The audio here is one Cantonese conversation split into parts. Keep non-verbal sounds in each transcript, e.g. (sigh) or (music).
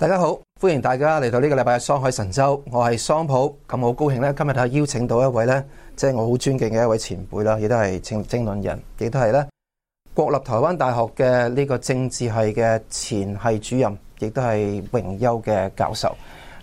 大家好，歡迎大家嚟到呢個禮拜嘅《桑海神州》，我係桑普，咁我好高興呢。今日睇下邀請到一位呢，即係我好尊敬嘅一位前輩啦，亦都係政政論人，亦都係呢國立台灣大學嘅呢個政治系嘅前系主任，亦都係榮休嘅教授，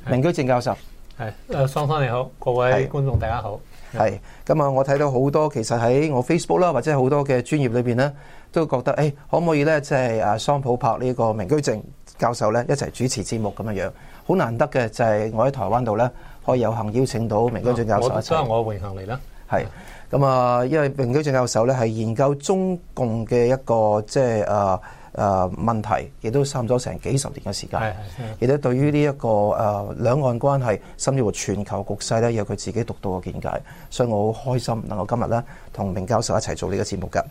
是明居正教授。係，誒，桑生你好，各位觀眾大家好。係咁啊，我睇到好多其實喺我 Facebook 啦，或者好多嘅專業裏邊呢，都覺得，誒、哎，可唔可以呢？即係，誒桑普拍呢個明居正？教授咧，一齊主持節目咁樣樣，好難得嘅就係我喺台灣度咧，可以有幸邀請到明居正教授、嗯、我真榮幸嚟啦。係咁啊，因為明居正教授咧，係研究中共嘅一個即係啊啊問題，亦都差唔多成幾十年嘅時間。係係係。亦都對於呢一個啊兩岸關係，甚至乎全球局勢咧，有佢自己獨到嘅見解，所以我好開心能夠今日咧同明教授一齊做呢個節目㗎。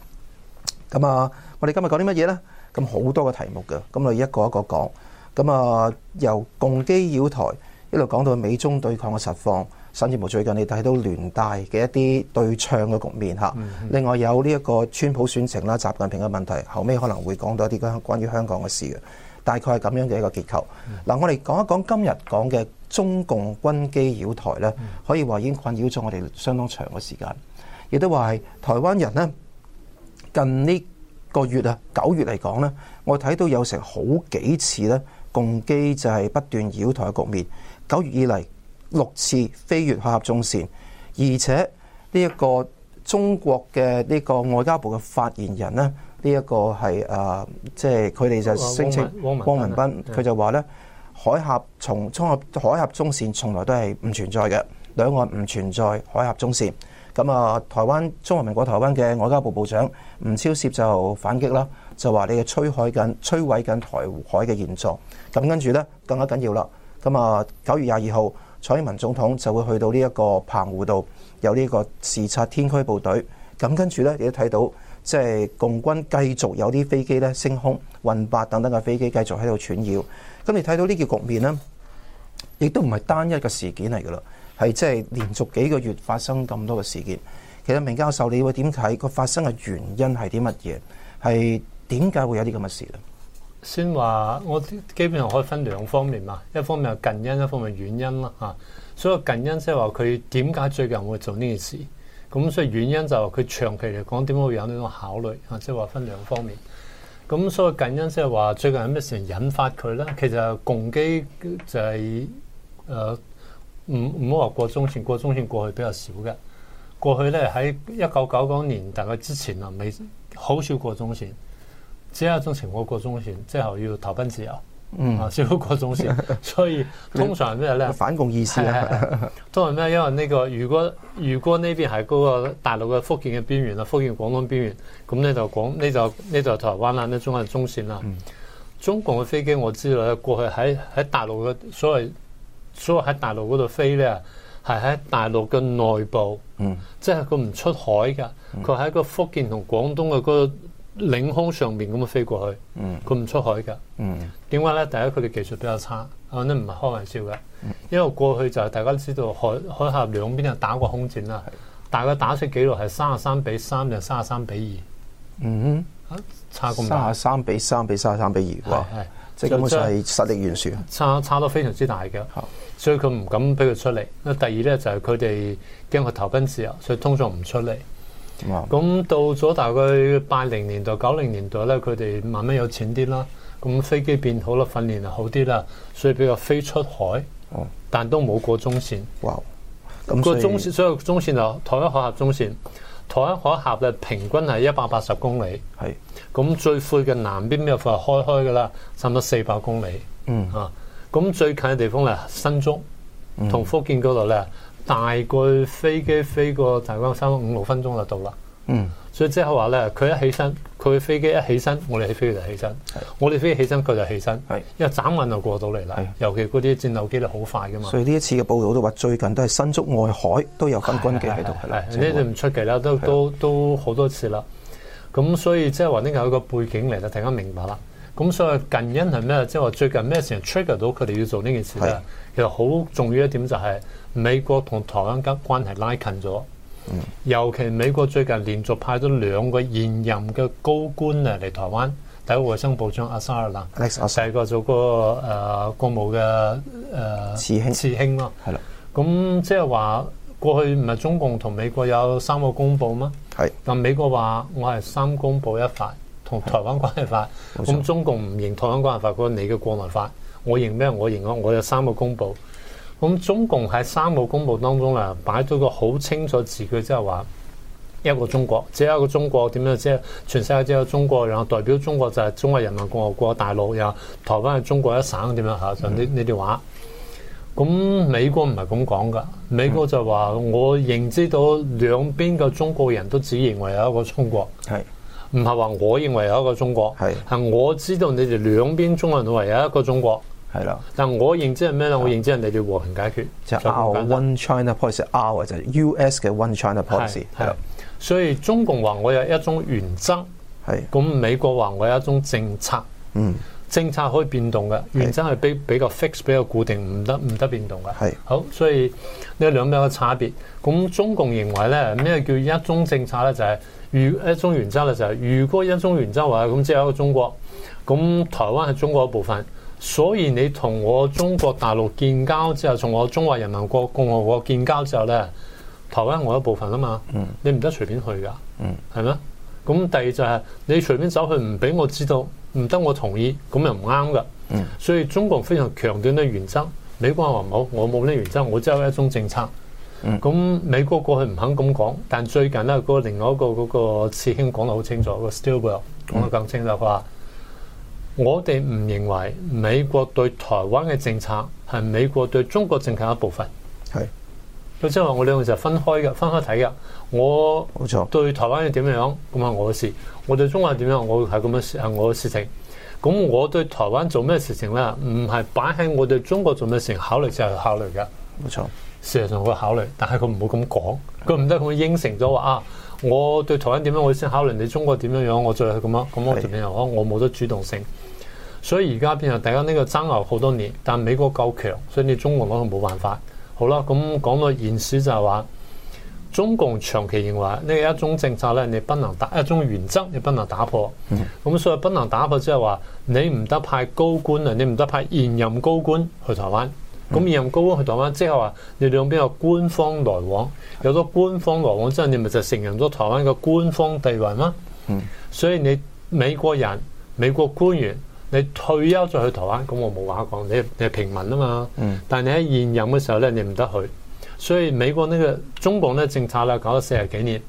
咁啊，我哋今日講啲乜嘢咧？咁好多嘅題目嘅，咁我哋一個一個講。咁啊，由共機擾台一路講到美中對抗嘅實況，甚至乎最近你睇到聯大嘅一啲對唱嘅局面嚇。嗯嗯、另外有呢一個川普選情啦、習近平嘅問題，後尾可能會講到一啲關關於香港嘅事嘅。大概係咁樣嘅一個結構。嗱、嗯，我哋講一講今日講嘅中共軍機擾台呢，可以話已經困擾咗我哋相當長嘅時間，亦都話係台灣人呢近呢，近個月啊，九月嚟講咧，我睇到有成好幾次咧，共機就係不斷擾台嘅局面。九月以嚟六次飛越海峽中線，而且呢一個中國嘅呢個外交部嘅發言人呢，呢、這、一個係啊，即係佢哋就聲、是、稱汪文斌佢就話呢，海峽從衝入海峽中線從來都係唔存在嘅，兩岸唔存在海峽中線。咁啊，台灣中華民國台灣嘅外交部部長吳釗燮就反擊啦，就話你嘅摧毀緊、摧毀緊台海嘅現狀。咁跟住呢，更加緊要啦。咁啊，九月廿二號，蔡英文總統就會去到呢一個澎湖度有呢個視察天駒部隊。咁跟住呢，你都睇到即係、就是、共軍繼續有啲飛機呢升空、運八等等嘅飛機繼續喺度竄繞。咁你睇到呢個局面呢，亦都唔係單一嘅事件嚟嘅咯。係即係連續幾個月發生咁多嘅事件，其實明教授你會點睇個發生嘅原因係啲乜嘢？係點解會有啲咁嘅事咧？先話我基本上可以分兩方面嘛，一方面係近因，一方面係遠因咯吓、啊。所以近因即係話佢點解最近會做呢件事？咁所以遠因就係佢長期嚟講點解會有呢種考慮啊？即係話分兩方面。咁所以近因即係話最近有咩事引發佢咧？其實共機就係、是、誒。呃唔唔好話過中線，過中線過去比較少嘅。過去咧喺一九九九年大概之前啊，未好少過中線。只有一種情況過中線，之後要投奔自由。嗯，嗯少過中線，所以 (laughs) 通常咩咧？反共意思啊。通常咩？因為呢、呢個，如果如果呢邊係嗰個大陸嘅福建嘅邊緣啦，福建廣東邊緣，咁咧就講，呢就呢就台灣啦、啊，呢種係中線啦、啊。嗯、中共嘅飛機我知道咧，過去喺喺大陸嘅所謂。所以喺大陸嗰度飛咧，係喺大陸嘅內部，嗯、即係佢唔出海噶。佢喺個福建同廣東嘅嗰個領空上面咁飛過去，佢唔、嗯、出海噶。點解咧？第一，佢嘅技術比較差，我唔係開玩笑噶。嗯、因為過去就係、是、大家都知道海海峽兩邊啊打過空戰啦，大概的打出記錄係三十三比三定三十三比二。嗯，哼，差咁大。三十三比三比三十三比二，哇！即基本上係實力懸殊，差差得非常之大嘅，哦、所以佢唔敢俾佢出嚟。咁第二咧就係佢哋驚佢投奔自由，所以通常唔出嚟。咁、哦、到咗大概八零年代、九零年代咧，佢哋慢慢有錢啲啦，咁飛機變好啦，訓練又好啲啦，所以比較飛出海，哦、但都冇過中線。哦、哇！咁、嗯、個中，所以中線，所以中線就台灣海峽中線。台灣海峽咧，平均係一百八十公里，係咁最闊嘅南邊邊又快開開噶啦，差唔多四百公里，嗯啊，咁最近嘅地方咧，新竹，嗯、同福建嗰度咧，大概飛機飛過，大概收五六分鐘就到啦。嗯，所以即係話咧，佢一起身，佢嘅飛機一起身，我哋嘅飛機就起身。我哋飛機起身，佢就起身。係，因為斬運就過到嚟啦。尤其嗰啲戰鬥機咧好快噶嘛。所以呢一次嘅報道都話，最近都係新竹外海，都有分軍機喺度係，呢啲唔出奇啦，都都都好多次啦。咁所以即係話呢個係個背景嚟啦，大家明白啦。咁所以近因係咩？即係話最近咩事 trigger 到佢哋要做呢件事咧？其實好重要一點就係美國同台灣間關係拉近咗。尤其美國最近連續派咗兩個現任嘅高官啊嚟台灣，第一個衛生部長阿薩蘭 As 第二個做、那個誒、呃、國務嘅誒、呃、次卿次卿咯，係啦。咁即係話過去唔係中共同美國有三個公報嗎？係。是的 但美國話我係三公報一法，同台灣關係法，咁的、嗯、中共唔認台灣關係法，覺得你嘅國民法，我認咩？我認我我，我有三個公報。咁中共喺三個公報當中啦，擺咗個好清楚字句，即係話一個中國，只有一個中國，點樣，即係全世界只有中國，然後代表中國就係中華人民共和國大陸，然後台灣係中國一省，點樣嚇？就呢呢啲話。咁、嗯、美國唔係咁講㗎，美國就話我認知到兩邊嘅中國人都只認為有一個中國，係唔係話我認為有一個中國，係係是我知道你哋兩邊中國人都維有一個中國。係啦，但我認知係咩咧？我認知人哋叫和平解決，就 our one China policy，our 就 US 嘅 one China policy。係，所以中共話我有一種原則，係咁美國話我有一種政策，嗯，政策可以變動嘅，原則係比比較 fixed 比較固定，唔得唔得變動嘅。係好，所以呢兩邊嘅差別，咁中共認為咧咩叫一中政策咧？就係如一中原則咧，就係如果一中原則話咁即係一個中國，咁台灣係中國一部分。所以你同我中國大陸建交之後，從我中華人民國共和國建交之後咧，台灣我一部分啊嘛，你唔得隨便去噶，係咪、嗯？咁第二就係、是、你隨便走去，唔俾我知道，唔得我同意，咁又唔啱噶。嗯、所以中國非常強調呢原則，美國話唔好，我冇呢原則，我只有一種政策。咁、嗯、美國過去唔肯咁講，但最近咧、嗰個另外一個、嗰個次卿講得好清楚，嗰個 Stilwell 講得更清楚話，我哋唔認為美國對台灣嘅政策係美國對中國政策一部分，係是，即係話我兩個就分開嘅，分開睇嘅。我冇錯，對台灣要點樣咁係我嘅事，我對中國點樣我係咁樣係我嘅事情。咁我對台灣做咩事情咧？唔係擺喺我對中國做咩事情考慮之後考慮噶，冇錯。事實上我會考慮，但係佢唔會咁講，佢唔得咁應承咗話啊，我對台灣點樣我先考慮你中國點樣樣，我再去咁樣咁我做咩又我冇得主動性。所以而家變成大家呢個爭拗好多年，但美國夠強，所以你中國嗰度冇辦法。好啦，咁講到現時就係話，中共長期認為呢一種政策咧，你不能打一種原則，你不能打破。咁、嗯嗯、所以不能打破，即係話你唔得派高官啊，你唔得派現任高官去台灣。咁、嗯、現任高官去台灣之後啊，你兩邊有官方來往，有咗官方來往之後，就是、你咪就承認咗台灣嘅官方地位嗎？嗯、所以你美國人、美國官員。你退休再去台灣，咁我冇話講。你係你係平民啊嘛，嗯、但係你喺現任嘅時候咧，你唔得去。所以美國呢、呢個中共咧政策咧，搞咗四十幾年。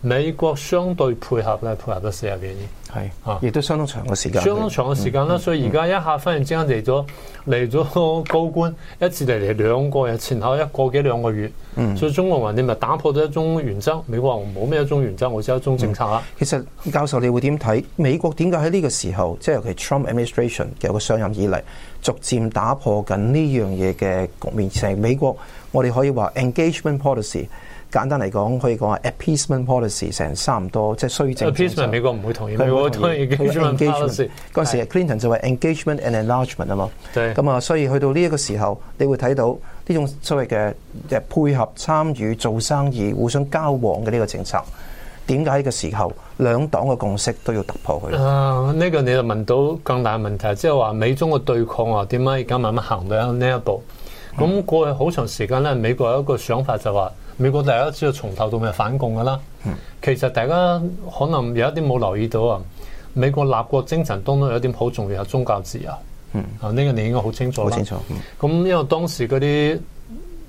美國相對配合咧，配合咗四十幾年，係嚇是，亦、啊、都相當長嘅時間，相當長嘅時間啦。嗯、所以而家一下忽然、嗯、之間嚟咗嚟咗個高官，嗯、一次嚟嚟兩個又前後一個幾兩個月，嗯，所以中國話你咪打破咗一種原則，美國話冇咩一種原則，我只有一種政策、啊嗯。其實教授，你會點睇美國點解喺呢個時候，即係尤其 Trump administration 有個上任以嚟，逐漸打破緊呢樣嘢嘅局面，即係美國，美國我哋可以話 engagement policy。簡單嚟講，可以講啊 appeasement policy 成差唔多，即係綏靖。appeasement 美國唔會同意。係，我都已經。appeasement policy 嗰陣時、哎、Clinton 就話 engagement and enlargement 啊嘛。咁啊、嗯，所以去到呢一個時候，你會睇到呢種所謂嘅即、就是、配合、參與做生意、互相交往嘅呢個政策，點解呢個時候兩黨嘅共識都要突破佢？啊，呢、這個你就問到更大問題，即係話美中嘅對抗啊，點解而家慢慢行到呢一步？咁、嗯、過去好長時間咧，美國有一個想法就話。美國大家都知道從頭到尾反共噶啦，嗯、其實大家可能有一啲冇留意到啊，美國立國精神當中有一啲好重要係宗教自由，嗯、啊呢、呢個你應該好清、清楚。好清楚。咁因為當時嗰啲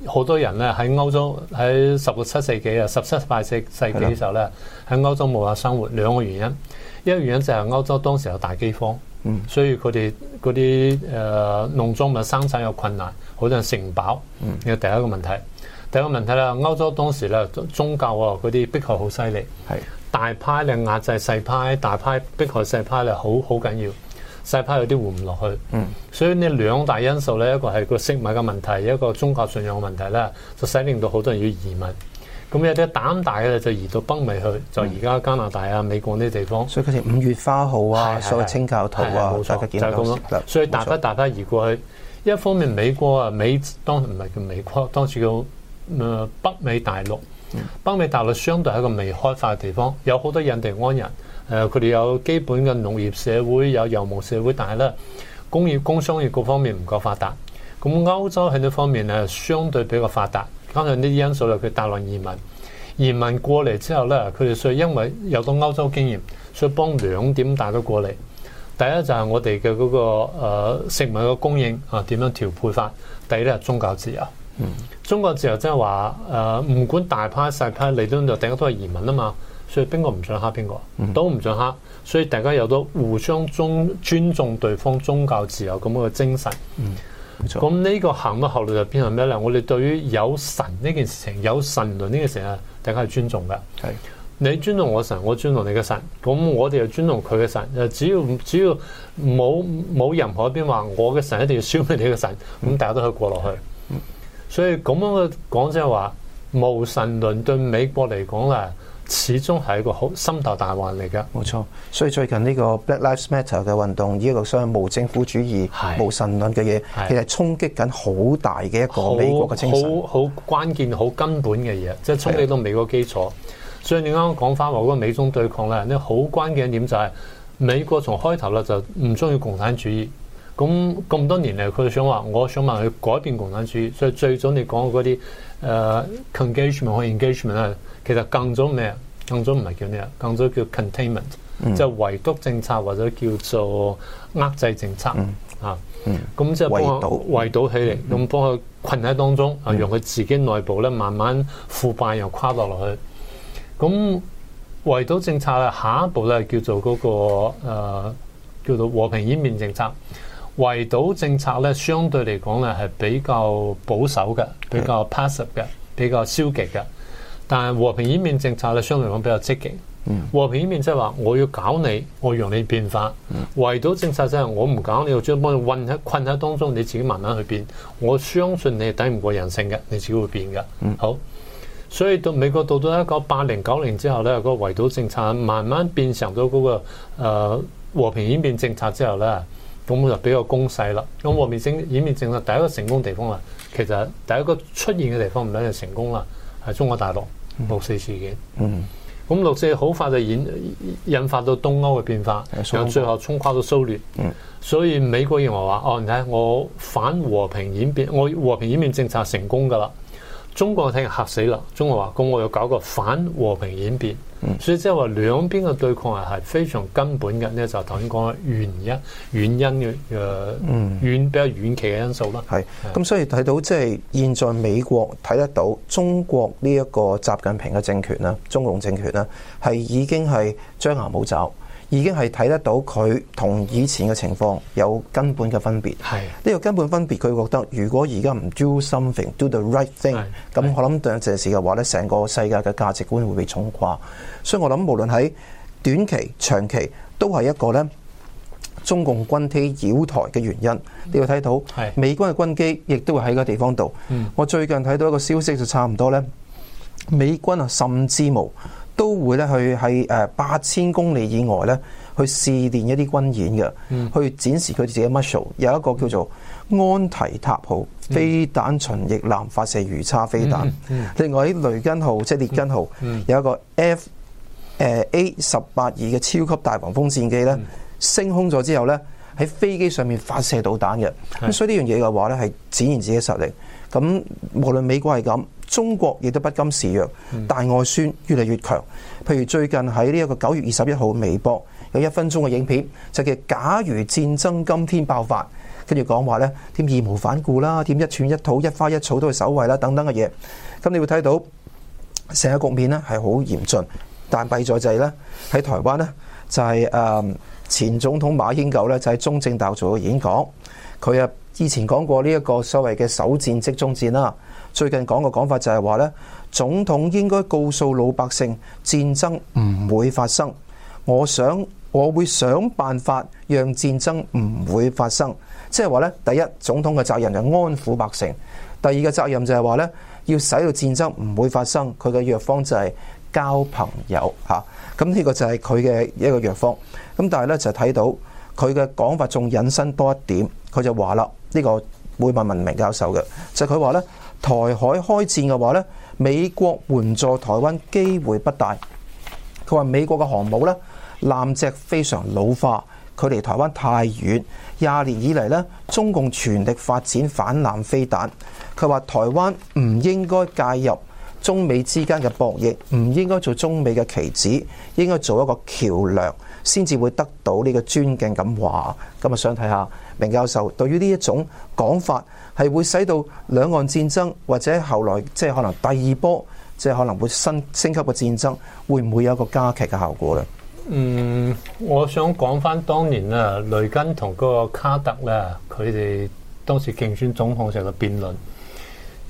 好多人咧喺歐洲喺十六、七世紀啊十七八世世紀嘅時候咧喺歐洲冇法生活，兩個原因，一個原因就係歐洲當時有大饑荒，嗯、所以佢哋嗰啲誒農作物生產有困難，好多人食唔飽，係、嗯、第一個問題。第一個問題啦，歐洲當時咧，宗教嗰啲逼害好犀利。係是大派咧壓制細派，大派逼害細派咧，好好緊要，細派有啲活唔落去，嗯，所以呢兩大因素咧，一個係個食物嘅問題，一個宗教信仰嘅問題咧，就使令到好多人要移民，咁有啲膽大嘅就移到北美去，就而家加拿大啊、嗯、美國呢啲地方，所以佢哋五月花號啊，所謂清教徒啊，大家見到咁樣，錯所以大批大批移過去，一方面美國啊，美當時唔係叫美國，當時叫。誒、嗯、北美大陸，北美大陸相對係一個未開發嘅地方，有好多印第安人，誒佢哋有基本嘅農業社會，有遊牧社會，但係咧工業、工商業各方面唔夠發達。咁歐洲喺呢方面咧相對比較發達，加上呢啲因素咧，佢大量移民，移民過嚟之後咧，佢哋所以因為有咗歐洲經驗，所以幫兩點帶咗過嚟。第一就係我哋嘅嗰個、呃、食物嘅供應啊，點樣調配法？第二咧宗教自由。嗯。中國自由即係話，誒、呃、唔管大派細派，你都就頂多係移民啊嘛，所以邊個唔想蝦邊個，嗯、都唔想蝦，所以大家有咗互相尊尊重對方宗教自由咁樣嘅精神。嗯，冇錯，咁呢個行到後路就變成咩咧？我哋對於有神呢件事情，有神論呢件事情，大家係尊重嘅。係是，你尊重我神，我尊重你嘅神。咁我哋又尊重佢嘅神。只要只要冇冇任何一邊話我嘅神一定要消滅你嘅神，咁、嗯嗯、大家都可以過落去。所以咁樣嘅講，即係話無神論對美國嚟講咧，始終係一個好心頭大患嚟嘅。冇錯。所以最近呢個 Black Lives Matter 嘅運動，呢、這、一個所謂無政府主義、是無神論嘅嘢，是其實衝擊緊好大嘅一個美國嘅精神。好好，好關鍵、好根本嘅嘢，即係衝擊到美國基礎。的所以你啱啱講翻話嗰個美中對抗咧，呢好關鍵一點就係美國從開頭咧就唔中意共產主義。咁咁多年嚟，佢想話，我想去改變共產主義。所以最早你講嗰啲誒、呃、congeagement 或 engagement 咧，其實更早咩啊？更早唔係叫咩啊？更早叫 containment，即、嗯、就圍堵政策或者叫做遏制政策、嗯嗯、啊。咁即係幫佢圍，堵圍堵起嚟，咁、嗯、幫佢困喺當中，啊，讓佢、嗯、自己內部咧慢慢腐敗又垮落落去。咁圍堵政策咧，下一步咧叫做嗰、那個、啊、叫做和平演變政，政策。圍堵政策咧，相對嚟講咧係比較保守嘅，比較 passive 嘅，比較消極嘅。但係和平演變政策咧，相對嚟講比較積極。嗯、和平演變即係話，我要搞你，我讓你變化。圍堵、嗯、政策即、就、係、是、我唔搞你，我將幫你困喺困喺當中，你自己慢慢去變。我相信你係抵唔過人性嘅，你自己會變嘅。嗯、好，所以到美國到咗一九八零九零之後咧，那個圍堵政策慢慢變成咗嗰、那個、呃、和平演變政策之後咧。咁就比較攻勢啦。咁和平政演變政策第一個成功地方啦，其實第一個出現嘅地方唔單隻成功啦，係中國大陸、嗯、六四事件。嗯，咁六四好快就引引發到東歐嘅變化，最後衝垮到蘇聯。嗯，後後嗯所以美國認為話：哦，你睇我反和平演變，我和平演變政策成功噶啦。中國聽人嚇死啦，中國話：咁我要搞個反和平演變。所以即係話兩邊嘅對抗係非常根本嘅咧，就頭先講原因，原因嘅誒，遠、呃嗯、比較遠期嘅因素啦。係是，咁是所以睇到即係現在美國睇得到中國呢一個習近平嘅政權啦，中共政權啦，係已經係張牙舞爪。已經係睇得到佢同以前嘅情況有根本嘅分別。係呢的個根本分別，佢覺得如果而家唔 do something，do the right thing，咁我諗等這事嘅話呢成個世界嘅價值觀會被衝垮。所以我諗無論喺短期、長期，都係一個呢中共軍機繞台嘅原因。你會睇到的美國嘅軍機亦都會喺個地方度。嗯、我最近睇到一個消息就差唔多呢：美軍啊甚至無。都會咧去喺誒八千公里以外咧去試練一啲軍演嘅，嗯、去展示佢哋自己 muscle。有一個叫做安提塔號飛彈巡翼艦發射魚叉飛彈，嗯嗯、另外喺雷根號即列根號、嗯嗯、有一個 F 誒 A 十八二嘅超級大黃蜂戰機咧、嗯、升空咗之後咧喺飛機上面發射導彈嘅，嗯、所以呢樣嘢嘅話咧係展現自己實力。咁無論美國係咁。中國亦都不甘示弱，大外宣越嚟越強。譬如最近喺呢一個九月二十一號微博有一分鐘嘅影片，就叫《假如戰爭今天爆發》，跟住講話呢，點義無反顧啦，點一寸一土一花一草都去守衞啦，等等嘅嘢。咁你會睇到成個局面呢係好嚴峻，但弊在就係呢，喺台灣呢，就係、是、誒前總統馬英九呢，就喺、是、中正大做嘅演講，佢啊以前講過呢一個所謂嘅首戰即中戰啦。最近講個講法就係話呢，總統應該告訴老百姓戰爭唔會發生。我想我會想辦法讓戰爭唔會發生，即係話呢，第一總統嘅責任就安撫百姓；第二嘅責任就係話呢要使到戰爭唔會發生。佢嘅藥方就係交朋友吓。咁呢個就係佢嘅一個藥方。咁但係呢，就睇到佢嘅講法仲引申多一點，佢就話啦，呢個會問文明教授嘅，就係佢話呢。台海開戰嘅話，呢美國援助台灣機會不大。佢話美國嘅航母呢艦隻非常老化，距離台灣太遠。廿年以嚟呢中共全力發展反艦飛彈。佢話台灣唔應該介入中美之間嘅博弈，唔應該做中美嘅棋子，應該做一個橋樑，先至會得到呢個尊敬咁話。咁啊，今日想睇下明教授對於呢一種講法。係會使到兩岸戰爭或者後來即係、就是、可能第二波即係、就是、可能會升升級嘅戰爭，會唔會有一個加劇嘅效果咧？嗯，我想講翻當年啊，雷根同嗰個卡特咧，佢哋當時競選總統時嘅辯論，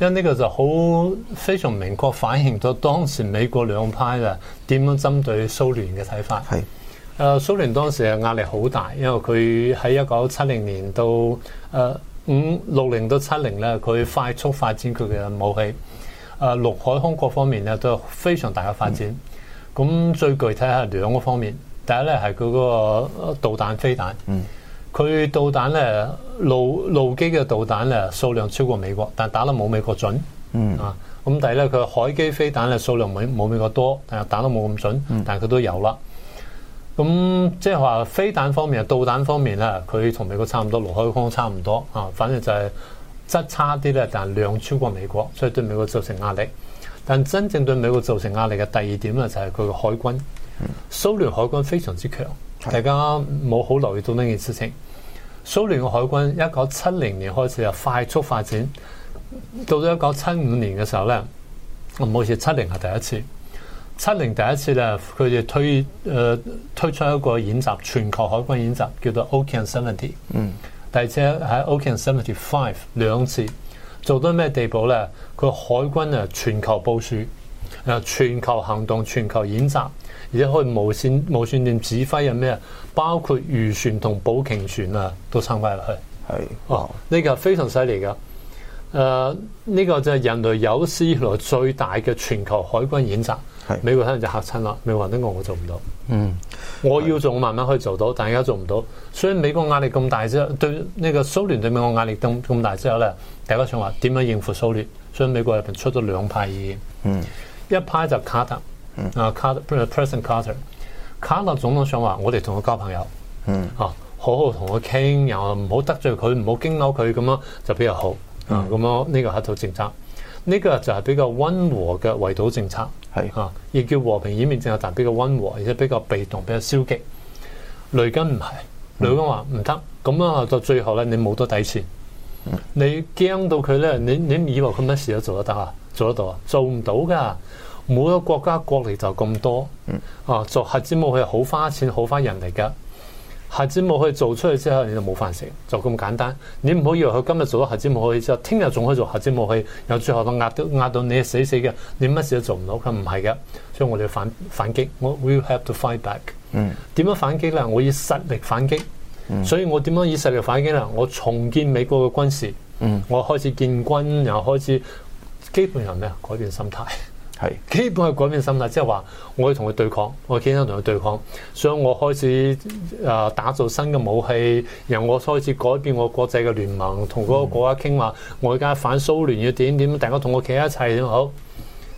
因為呢個就好非常明確反映咗當時美國兩派啊點樣針對蘇聯嘅睇法。係是，誒、呃，蘇聯當時嘅壓力好大，因為佢喺一九七零年到誒。呃五六零到七零咧，佢快速發展佢嘅武器，啊、呃，陸海空各方面咧都有非常大嘅發展。咁、嗯嗯、最具體係兩個方面，第一咧係佢個導彈飛彈，嗯，佢導彈咧陸陸基嘅導彈咧數量超過美國，但打得冇美國準，嗯啊，咁第二咧佢海基飛彈咧數量冇冇美國多，但係打得冇咁準，嗯、但係佢都有啦。咁即係話飛彈方面，導彈方面咧，佢同美國差唔多，陸海空差唔多啊。反正就係質差啲咧，但係量超過美國，所以對美國造成壓力。但真正對美國造成壓力嘅第二點咧，就係佢嘅海軍。蘇聯，嗯、海軍非常之強，大家冇好留意到呢件事情。蘇聯嘅海軍一九七零年開始就快速發展，到咗一九七五年嘅時候咧，唔好意思，七零係第一次。七零第一次咧，佢哋推誒、呃、推出一個演習，全球海軍演習叫做 Okean 70。嗯，第二次喺 Okean 75兩次做到咩地步咧？佢海軍啊，全球部署，誒全球行動、全球演習，而且可以無線無線電指揮有咩包括漁船同捕鯨船啊都參加落去。係是哦，呢、這個非常犀利噶。誒、呃，呢、這個就係人類有史以來最大嘅全球海軍演習。美國可能就嚇親啦，美國話咧，我做唔到，嗯，我要做我慢慢可以做到，但而家做唔到，所以美國壓力咁大之後，對呢個蘇聯對美國壓力咁咁大之後咧，大家想話點樣應付蘇聯，所以美國入邊出咗兩派意見，嗯，一派就卡特、嗯，啊卡特，President Carter，卡特總統想話我哋同佢交朋友，嗯，啊，好好同佢傾，又唔好得罪佢，唔好驚嬲佢咁樣就比較好，啊，咁、嗯啊、樣呢個係一套政策，呢、這個就係比較溫和嘅圍堵政策。係是啊，亦叫和平演變政策，但比較溫和，而且比較被動，比較消極。雷根唔係，嗯、雷根話唔得，咁啊到最後咧，你冇得底線，嗯、你驚到佢咧，你你以為佢乜事都做得得啊？做得到啊？做唔到噶，每個國家國力就咁多，啊做核子武器好花錢，好花，花人力噶。核子武器做出嚟之後，你就冇飯食，就咁簡單。你唔好以為佢今日做咗核子武器之後，聽日仲可以做核子武器，然後最後都壓到壓到你係死死嘅，你乜事都做唔到。佢唔係嘅，所以我哋反反擊。我 we have to fight back。嗯，點樣反擊啦？我以實力反擊。嗯，所以我點樣以實力反擊啦？我重建美國嘅軍事。嗯，我開始建軍，又開始基本上咧改變心態。係是基本係改變心態，即係話我要同佢對抗，我堅身同佢對抗，所以我開始誒、呃、打造新嘅武器，由我開始改變我國際嘅聯盟，同嗰個國家傾話，嗯、我而家反蘇聯要點點，大家同我企一齊都好。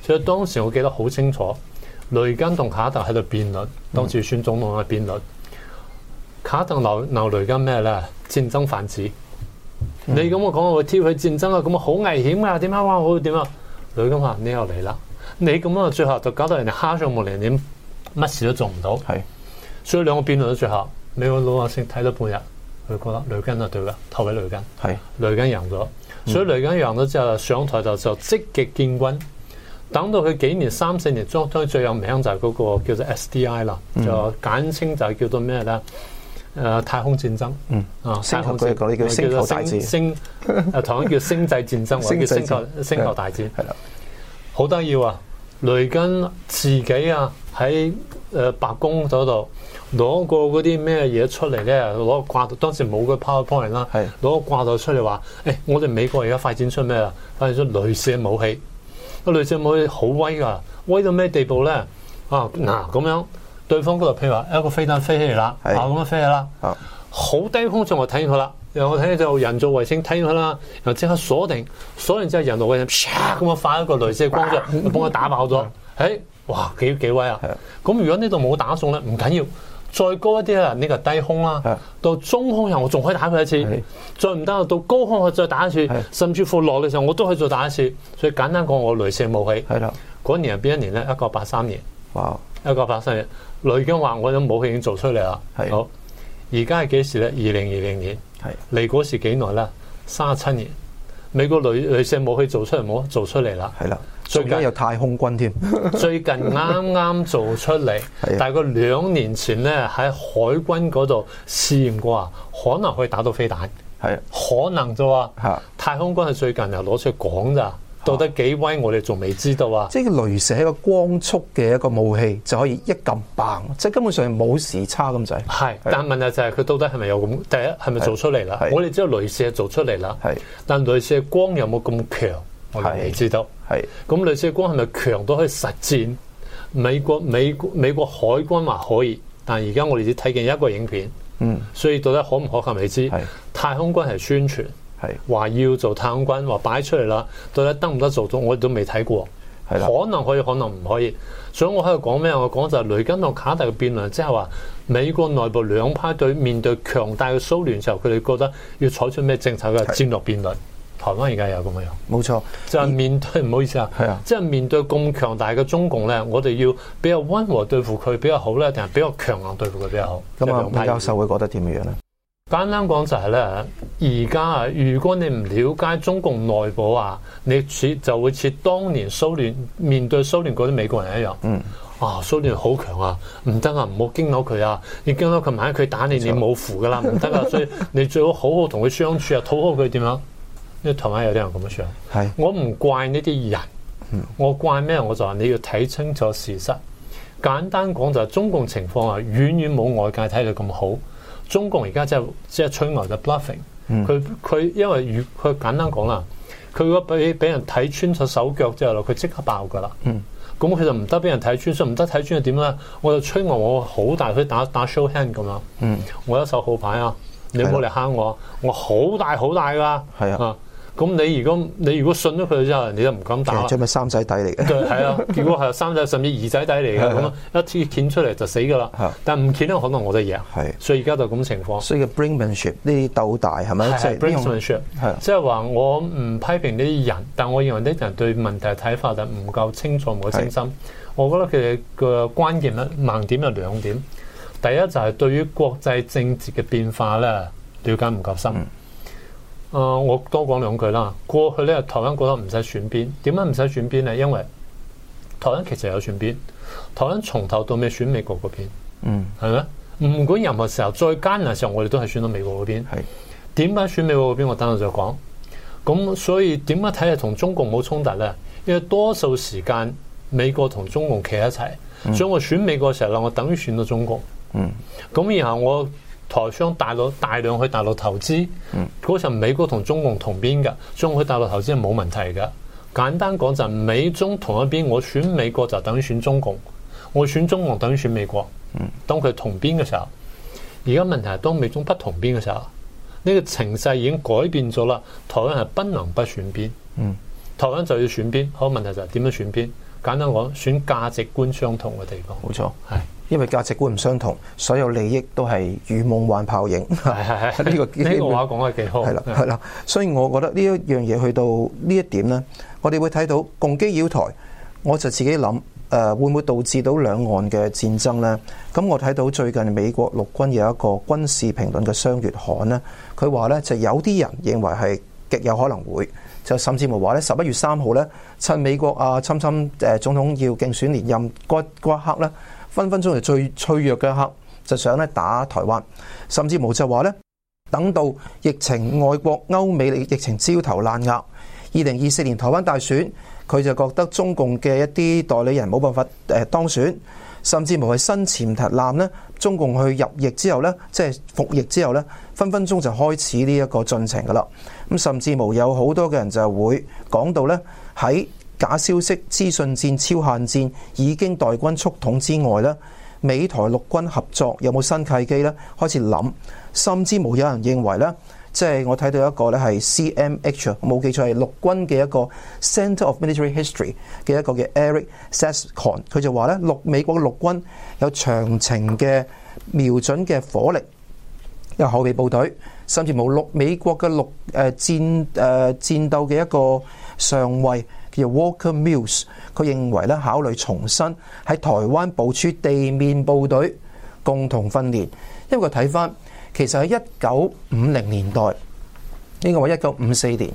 所以當時我記得好清楚，雷根同卡特喺度辯論，當時選總統喺度辯論，卡特鬧鬧雷根咩咧？戰爭販子，你咁我講我挑起戰，戰爭啊，咁啊好危險啊，點啊，我點啊？雷根話：你又嚟啦！你咁樣嘅最後就搞到人哋蝦上無釐點，乜事都做唔到。係是，所以兩個辯論都最後，美國老百姓睇咗半日，佢覺得雷根就對噶，投俾雷根。係是，雷根贏咗，所以雷根贏咗之後、嗯、上台就就積極建軍，等到佢幾年三四年中，最最有名就係嗰、那個叫做 SDI 啦、嗯，就簡稱就係叫做咩咧？誒、呃、太空戰爭，嗯啊，星球對叫星球大戰，星誒、啊、台灣叫星際戰爭，或者叫星球 (laughs) 星，星球大戰，係啦， (laughs) (laughs) 好得意喎！ (laughs) 雷根自己啊喺誒白宮嗰度攞個嗰啲咩嘢出嚟咧，攞個掛，當時冇個炮兵 PowerPoint 啦，攞個掛到出嚟話：誒、欸，我哋美國而家發展出咩啦？發展出雷射武器，個雷射武器好威噶，威到咩地步咧？啊，嗱、啊、咁樣，對方嗰度譬如話一個飛彈飛起嚟啦，是啊咁樣飛起啦，好低空中我睇佢啦。然後我睇就人造衛星睇佢啦，然後即刻鎖定，鎖定之後人造衛星咁我發一個鐳射光咗，幫佢打爆咗。誒、 (laughs) 欸，哇，幾幾威啊！咁的如果呢度冇打中咧，唔緊要，再高一啲啦，呢、這個低空啦，的到中空又我仲可以打佢一次，的再唔得到高空我再打一次，的甚至乎落嘅時候我都可以再打一次，所以簡單講我鐳射武器。係啦的，嗰年係邊一年咧？一九八三年，哇 Wow，一九八三年，雷已經話我有武器已經做出嚟啦。係的， (laughs) 好，而家係幾時咧？二零二零年。係嚟嗰時幾耐啦？三十七年，美國雷射武器冇去做出嚟，冇做出嚟啦。係啦的，最近，最近有太空軍添。 (laughs) 最近啱啱做出嚟，的大概兩年前咧喺海軍嗰度試驗過啊，可能可以打到飛彈。係的，可能就話、是、的太空軍係最近又攞出嚟講咋。到底幾威？我哋仲未知道啊！即係鐳射係一個光速嘅一個武器，就可以一撳棒，即係根本上係冇時差咁滯。係，但問題就係、是、佢到底係咪有咁？第一係咪做出嚟啦？我哋知道鐳射係做出嚟啦。係是，但鐳射光有冇咁強？我哋未是知道。係，咁鐳射光係咪強都可以實戰？美國美國美國海軍話可以，但係而家我哋只睇見一個影片。嗯，所以到底可唔可靠未知？係，太空軍係宣傳。話要做太空軍，話擺出嚟啦，到底得唔得做到，我哋都未睇過，的可能可以，可能唔可以。所以我喺度講咩？我講就係雷根同卡特嘅辯論，即係話美國內部兩派對面對強大嘅蘇聯時候，佢哋覺得要採取咩政策嘅戰略辯論。的台灣而家有咁樣樣，冇錯錯，就係面對唔你好意思啊，係啊的，即係面對咁強大嘅中共咧，我哋要比較溫和對付佢比較好咧，定係比較強硬對付佢比較好？咁啊、嗯，明教授會覺得點樣咧？簡單講就係咧，而家啊，如果你唔了解中共內部啊，你似就會似當年蘇聯面對蘇聯嗰啲美國人一樣。嗯。啊，蘇聯好強啊，唔得啊，唔好驚到佢啊！你驚到佢，萬一佢打你，你冇符噶啦，唔得啊，啊，啊！所以你最好好好同佢相處啊，討好佢點樣？因為台灣有啲人咁樣想。係是。我唔怪呢啲人，我怪咩？我就話你要睇清楚事實。簡單講就係、是、中共情況啊，遠遠冇外界睇到咁好。中共而家即係即係吹牛就 bluffing，佢佢因為如佢簡單講啦，佢如果俾俾人睇穿咗手腳之後，佢即刻爆噶啦。嗯，咁佢就唔得俾人睇穿，所以唔得睇穿又點咧？我就吹牛，我好大，佢打打 show hand 咁啦。嗯，我一手好牌啊，你唔好嚟坑我，的我好大好大噶。係啊。的咁你如果你如果信咗佢之後，你就唔敢打啦。即係咪三仔底嚟嘅，係啊！結果係三仔甚至二仔底嚟嘅，咁一次見出嚟就死噶啦。但唔見到可能我都贏。係，所以而家就咁情況。所以叫 Bringmanship 呢啲鬥大係咪即 Bringmanship 即係話我唔批評呢啲人，但我認為呢啲人對問題嘅睇法就唔夠清楚、唔夠精深。我覺得佢嘅關鍵咧盲點有兩點，第一就係對於國際政治嘅變化咧了解唔夠深。誒、呃，我多講兩句啦。過去咧，台灣覺得唔使選邊，點解唔使選邊咧？因為台灣其實有選邊，台灣從頭到尾選美國嗰邊，嗯，係咪？唔管任何時候，再艱難嘅時候，我哋都係選到美國嗰邊。係點解選美國嗰邊？我等下再講。咁所以點解睇嚟同中共冇衝突咧？因為多數時間美國同中共企喺一齊，嗯、所以我選美國嘅時候，我等於選到中國。嗯，咁、嗯、然後我。台商大陸大量去大陸投資，嗰時候、嗯、美國同中共同邊嘅，中國去大陸投資係冇問題嘅。簡單講就係，美中同一邊，我選美國就等於選中共，我選中共等於選美國。嗯，當佢同邊嘅時候，而家問題係當美中不同邊嘅時候，呢、這個情勢已經改變咗啦。台灣係不能不選邊，嗯，台灣就要選邊。好，問題就係點樣選邊？簡單講，選價值觀相同嘅地方。冇錯、嗯，係。因為價值觀唔相同，所有利益都係如夢幻泡影。係係係，呢個呢個話講得幾好，係啦係啦。所以我覺得呢一樣嘢去到呢一點呢，我哋會睇到共機擾台。我就自己諗誒、呃，會唔會導致到兩岸嘅戰爭呢？咁我睇到最近美國陸軍有一個軍事評論嘅雙月刊呢，佢話呢就有啲人認為係極有可能會，就甚至乎話呢，十一月三號呢，趁美國阿親親誒總統要競選連任嗰刻呢。分分鐘係最脆弱嘅一刻，就想咧打台灣，甚至無就話咧，等到疫情外國歐美疫情焦頭爛額，二零二四年台灣大選，佢就覺得中共嘅一啲代理人冇辦法誒當選，甚至無係新潛艦咧，中共去入役之後咧，即係服役之後咧，分分鐘就開始呢一個進程噶啦，咁甚至無有好多嘅人就係會講到呢。喺。假消息、資訊戰、超限戰已經代軍速統之外呢，美台陸軍合作有冇新契機呢？開始諗，甚至冇有，有人認為呢，即係我睇到一個呢係 C.M.H. 冇記錯係陸軍嘅一個 Center of Military History 嘅一個嘅 Eric Sazcon，佢就話呢，陸美國嘅陸軍有長程嘅瞄準嘅火力，有為後備部隊甚至冇陸美國嘅陸誒、呃、戰誒、呃、戰鬥嘅一個上尉。叫 Walker Mills，佢認為咧考慮重新喺台灣部署地面部隊共同訓練，因為佢睇翻其實喺一九五零年代，呢個話一九五四年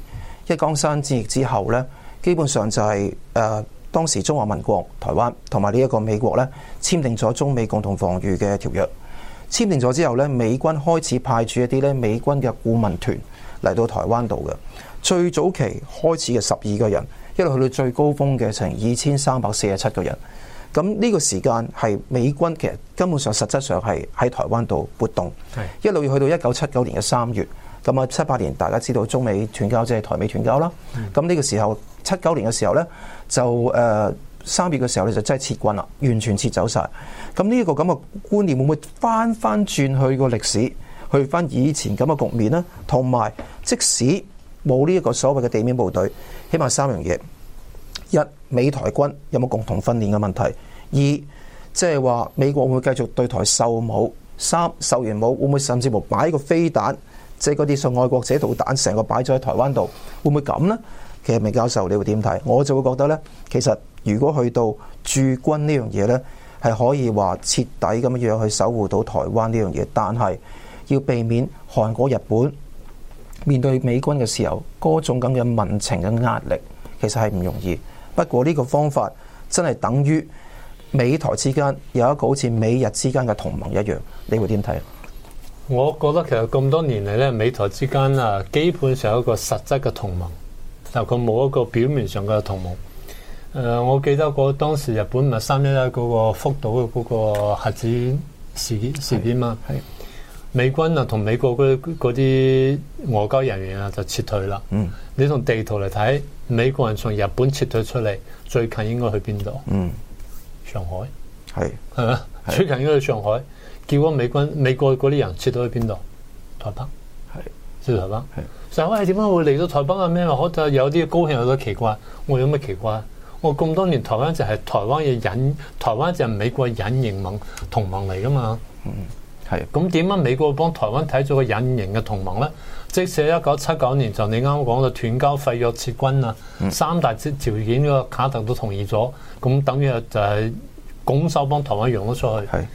一江山戰役之後咧，基本上就係、是、誒、呃、當時中華民國台灣同埋呢一個美國咧簽訂咗中美共同防禦嘅條約，簽訂咗之後咧，美軍開始派駐一啲咧美軍嘅顧問團嚟到台灣度嘅，最早期開始嘅十二個人。一路去到最高峰嘅成二千三百四十七個人，咁呢個時間係美軍其實根本上實質上係喺台灣度活動，是的 一路要去到一九七九年嘅三月，咁啊七八年大家知道中美斷交即係台美斷交啦，咁呢是的 個時候七九年嘅時候呢，就誒三、呃、月嘅時候你就真係撤軍啦，完全撤走晒。咁呢一個咁嘅觀念會唔會翻翻轉去個歷史，去翻以前咁嘅局面呢？同埋即使。冇呢一個所謂嘅地面部隊，起碼三樣嘢：一、美台軍有冇共同訓練嘅問題；二、即係話美國會唔會繼續對台售武；三、售完武會唔會甚至乎擺個飛彈，即係啲送上愛國者導彈，成個擺咗喺台灣度，會唔會咁呢？其實，明教授你會點睇？我就會覺得呢，其實如果去到駐軍呢樣嘢呢，係可以話徹底咁樣去守護到台灣呢樣嘢，但係要避免韓國、日本。面對美軍嘅時候，嗰種咁嘅民情嘅壓力，其實係唔容易。不過呢個方法真係等於美台之間有一個好似美日之間嘅同盟一樣，你會點睇？我覺得其實咁多年嚟咧，美台之間啊，基本上有一個實質嘅同盟，但佢冇一個表面上嘅同盟。誒、呃，我記得嗰當時日本咪三一一嗰個福島嘅嗰個核子事件事件嘛，係。美軍啊，同美國嗰啲外交人員啊，就撤退啦。嗯，你從地圖嚟睇，美國人從日本撤退出嚟，最近應該去邊度？嗯，上海係係嘛？最近應該去上海。結果美軍美國嗰啲人撤到去邊度？台北係，即台北。上海點解會嚟到台北啊？咩？可能有啲高興，有啲奇怪。我有咩奇怪？我咁多年台灣就係台灣嘅隱，台灣就係美國隱形盟同盟嚟噶嘛。嗯。係，咁點解美國會幫台灣睇咗個隱形嘅同盟咧？即使一九七九年就你啱講啦，斷交廢約撤軍啊，嗯、三大條件呢個卡特都同意咗，咁等於就係拱手幫台灣用咗出去。係是，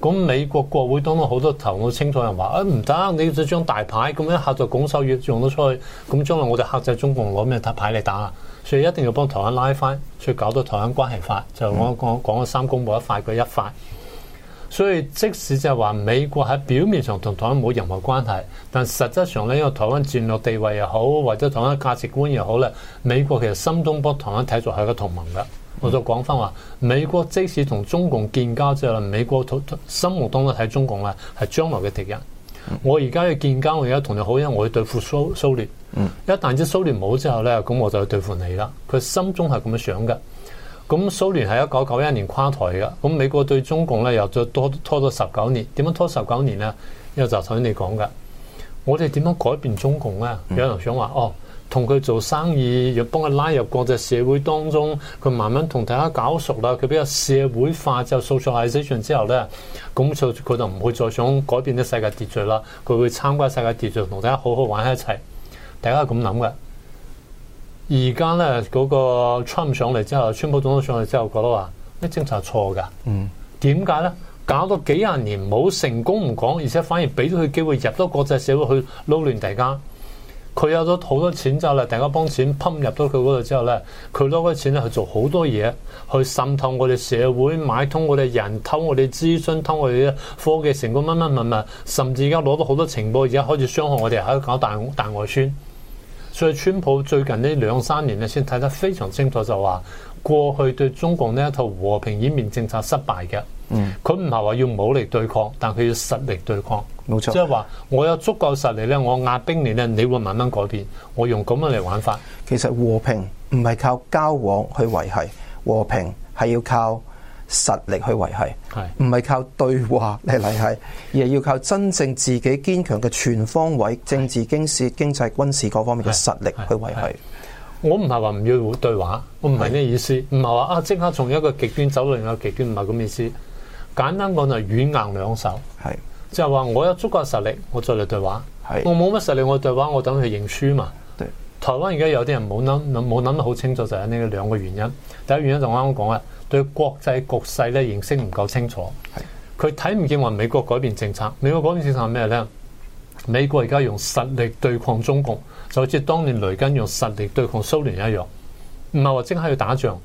咁美國國會當中好多頭腦清楚人話，啊唔得，你要出張大牌，咁一下就拱手越用咗出去，咁將來我哋克制中共攞咩大牌嚟打啊！所以一定要幫台灣拉翻，所以搞到台灣關係法就是、我、嗯、講講個三公冇一塊，佢一塊。一塊一塊所以即使就係話美國喺表面上同台灣冇任何關係，但實質上咧，因為台灣戰略地位又好，或者台灣價值觀又好咧，美國其實心中幫台灣睇作係一個同盟嘅。嗯、我就講翻話，美國即使同中共建交之後，美國心心目當中睇中共咧係將來嘅敵人。嗯、我而家要建交，我而家同你好，因為我要對付蘇蘇聯。嗯，一旦之蘇聯冇之後咧，咁我就要對付你啦。佢心中係咁樣想嘅。咁蘇聯係一九九一年垮台嘅，咁美國對中共咧又再拖拖咗十九年，點樣拖十九年呢？因為就頭先你講嘅，我哋點樣改變中共咧？有人想話，哦，同佢做生意，若幫佢拉入國際社會當中，佢慢慢同大家搞熟啦，佢比較社會化就 socialisation 之後咧，咁就佢就唔會再想改變啲世界秩序啦，佢會參加世界秩序同大家好好玩一齊，大家係咁諗嘅。而家咧嗰個 Trump 上嚟之後，川普總統上嚟之後，覺得話：咩政策錯㗎？點解咧？搞咗幾廿年冇成功唔講，而且反而俾咗佢機會入咗國際社會去撈亂大家。佢有咗好多錢就嚟，大家幫錢拋入咗佢嗰度之後咧，佢攞嗰啲錢咧去做好多嘢，去滲透我哋社會，買通我哋人，偷我哋資訊，偷我哋科技成功乜乜乜物，甚至而家攞到好多情報，而家開始傷害我哋，喺度搞大大外宣。所川普最近呢兩三年咧，先睇得非常清楚，就話過去對中共呢一套和平演變政策失敗嘅，嗯，佢唔係話要武力對抗，但佢要實力對抗，冇錯，即係話我有足夠實力呢，我壓兵你呢，你會慢慢改變。我用咁樣嚟玩法，其實和平唔係靠交往去維繫，和平係要靠實力去維繫，係唔係靠對話嚟維繫，是而係要靠真正自己堅強嘅全方位是政治、經事、經濟、軍事嗰方面嘅實力去維繫。我唔係話唔要對話，我唔係呢意思，唔係話啊，即刻從一個極端走到另一個極端，唔係咁意思。簡單講就軟硬兩手，係是就係話我有足夠嘅實力，我再嚟對話，係是我冇乜實力我，我對話我等佢認輸嘛。是是對，台灣而家有啲人冇諗冇諗得好清楚，就係呢兩個原因。第一原因就我啱啱講啦。對國際局勢咧認識唔夠清楚，佢睇唔見話美國改變政策，美國改變政策係咩咧？美國而家用實力對抗中共，就好似當年雷根用實力對抗蘇聯一樣，唔係話即刻要打仗，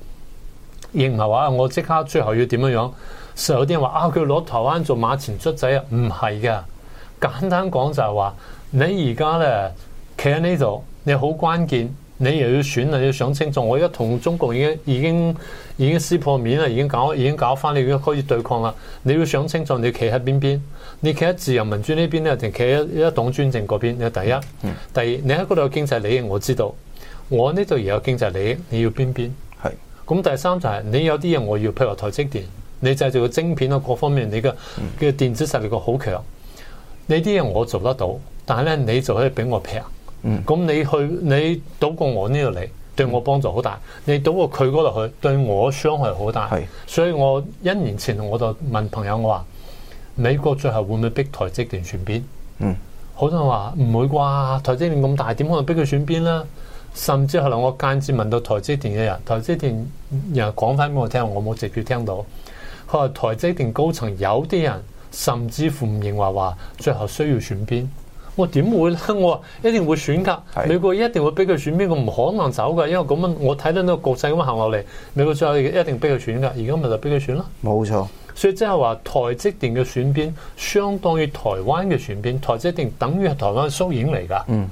亦唔係話我即刻最後要點樣？所以有啲人話啊，佢攞台灣做馬前卒仔啊，唔係嘅。簡單講就係話，你而家咧企喺呢度，你好關鍵。你又要選啊，你要想清楚。我而家同中國已經已經已經撕破面啦，已經搞已經搞翻，你已經可以對抗啦。你要想清楚，你企喺邊邊？你企喺自由民主呢邊咧，定企喺一黨專政嗰邊？第一，嗯、第二，你喺嗰度經濟利益我知道，我呢度亦有經濟利益，你要邊邊？係咁是，第三就係、是、你有啲嘢我要譬如台積電，你製造嘅晶片啊，各方面你嘅嘅、嗯、電子實力好強，你啲嘢我做得到，但係咧你就可以俾我平。嗯，咁你去你倒過我呢度嚟，對我幫助好大。你倒過佢嗰度去，對我傷害好大。是所以我一年前我就問朋友我話：美國最後會唔會逼台積電選邊？嗯，好多人話唔會啩，台積電咁大，點可能逼佢選邊啦？甚至後來我間接問到台積電嘅人，台積電又講翻俾我聽，我冇直接聽到。佢話台積電高層有啲人，甚至乎唔認為話最後需要選邊。我點會咧？我話一定會選噶，是美國一定會俾佢選邊，邊個唔可能走噶？因為咁樣，我睇到呢個局勢咁樣行落嚟，美國最後一定俾佢選噶。而家咪就俾佢選咯。冇錯錯，所以即係話台積電嘅選邊，相當於台灣嘅選邊，台積電等於係台灣嘅縮影嚟噶。嗯，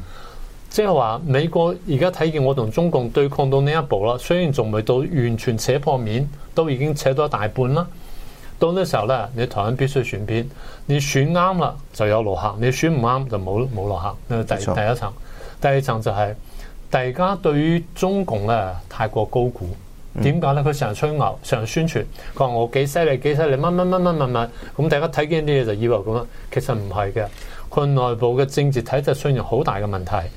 即係話美國而家睇見我同中共對抗到呢一步啦，雖然仲未到完全扯破面，都已經扯到一大半啦。到呢時候呢，你台灣必須選邊，你選啱啦就有落客，你選唔啱就冇冇落客。呢、那個第一，錯第一層，第二層就係、是、大家對於中共呢太過高估，點解呢？佢成日吹牛，成日宣傳，佢話我幾犀利，幾犀利，乜乜乜乜乜乜，咁大家睇見啲嘢就以為咁啊，其實唔係嘅，佢內部嘅政治體制出現好大嘅問題。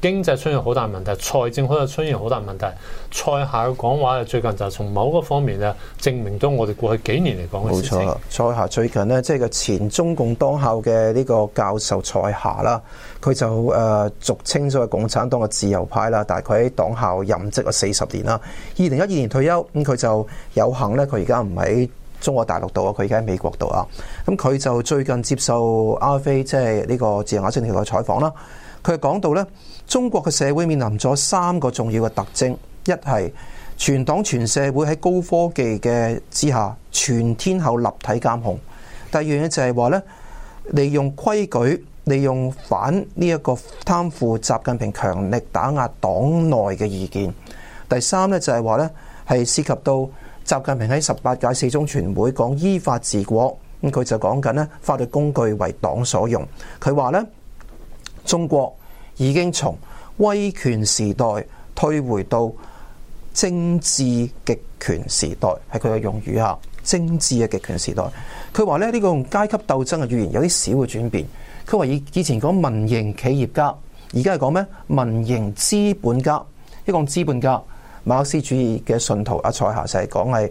經濟出現好大問題，財政可能出現好大問題。蔡霞嘅講話啊，最近就係從某個方面啊，證明咗我哋過去幾年嚟講嘅事實。蔡霞最近呢，即係個前中共黨校嘅呢個教授蔡霞啦，佢就誒、呃、俗稱咗係共產黨嘅自由派啦。但係佢喺黨校任職咗四十年啦，二零一二年退休。咁、嗯、佢就有幸咧，佢而家唔喺中國大陸度啊，佢而家喺美國度啊。咁佢就最近接受阿飛即係呢個自由亞洲電台嘅採訪啦，佢講到咧。中國嘅社會面臨咗三個重要嘅特徵，一係全黨全社會喺高科技嘅之下，全天候立體監控；第二樣嘢就係話呢利用規矩，利用反呢一個貪腐，習近平強力打壓黨內嘅意見；第三呢，就係話呢係涉及到習近平喺十八屆四中全會講依法治國，咁佢就講緊呢法律工具為黨所用，佢話呢中國。已經從威權時代退回到政治極權時代，係佢嘅用語啊！政治嘅極權時代，佢話咧呢、這個用階級鬥爭嘅語言有啲小嘅轉變。佢話以以前講民營企業家，而家係講咩？民營資本家，一講資本家，馬克思主義嘅信徒阿蔡霞就係講係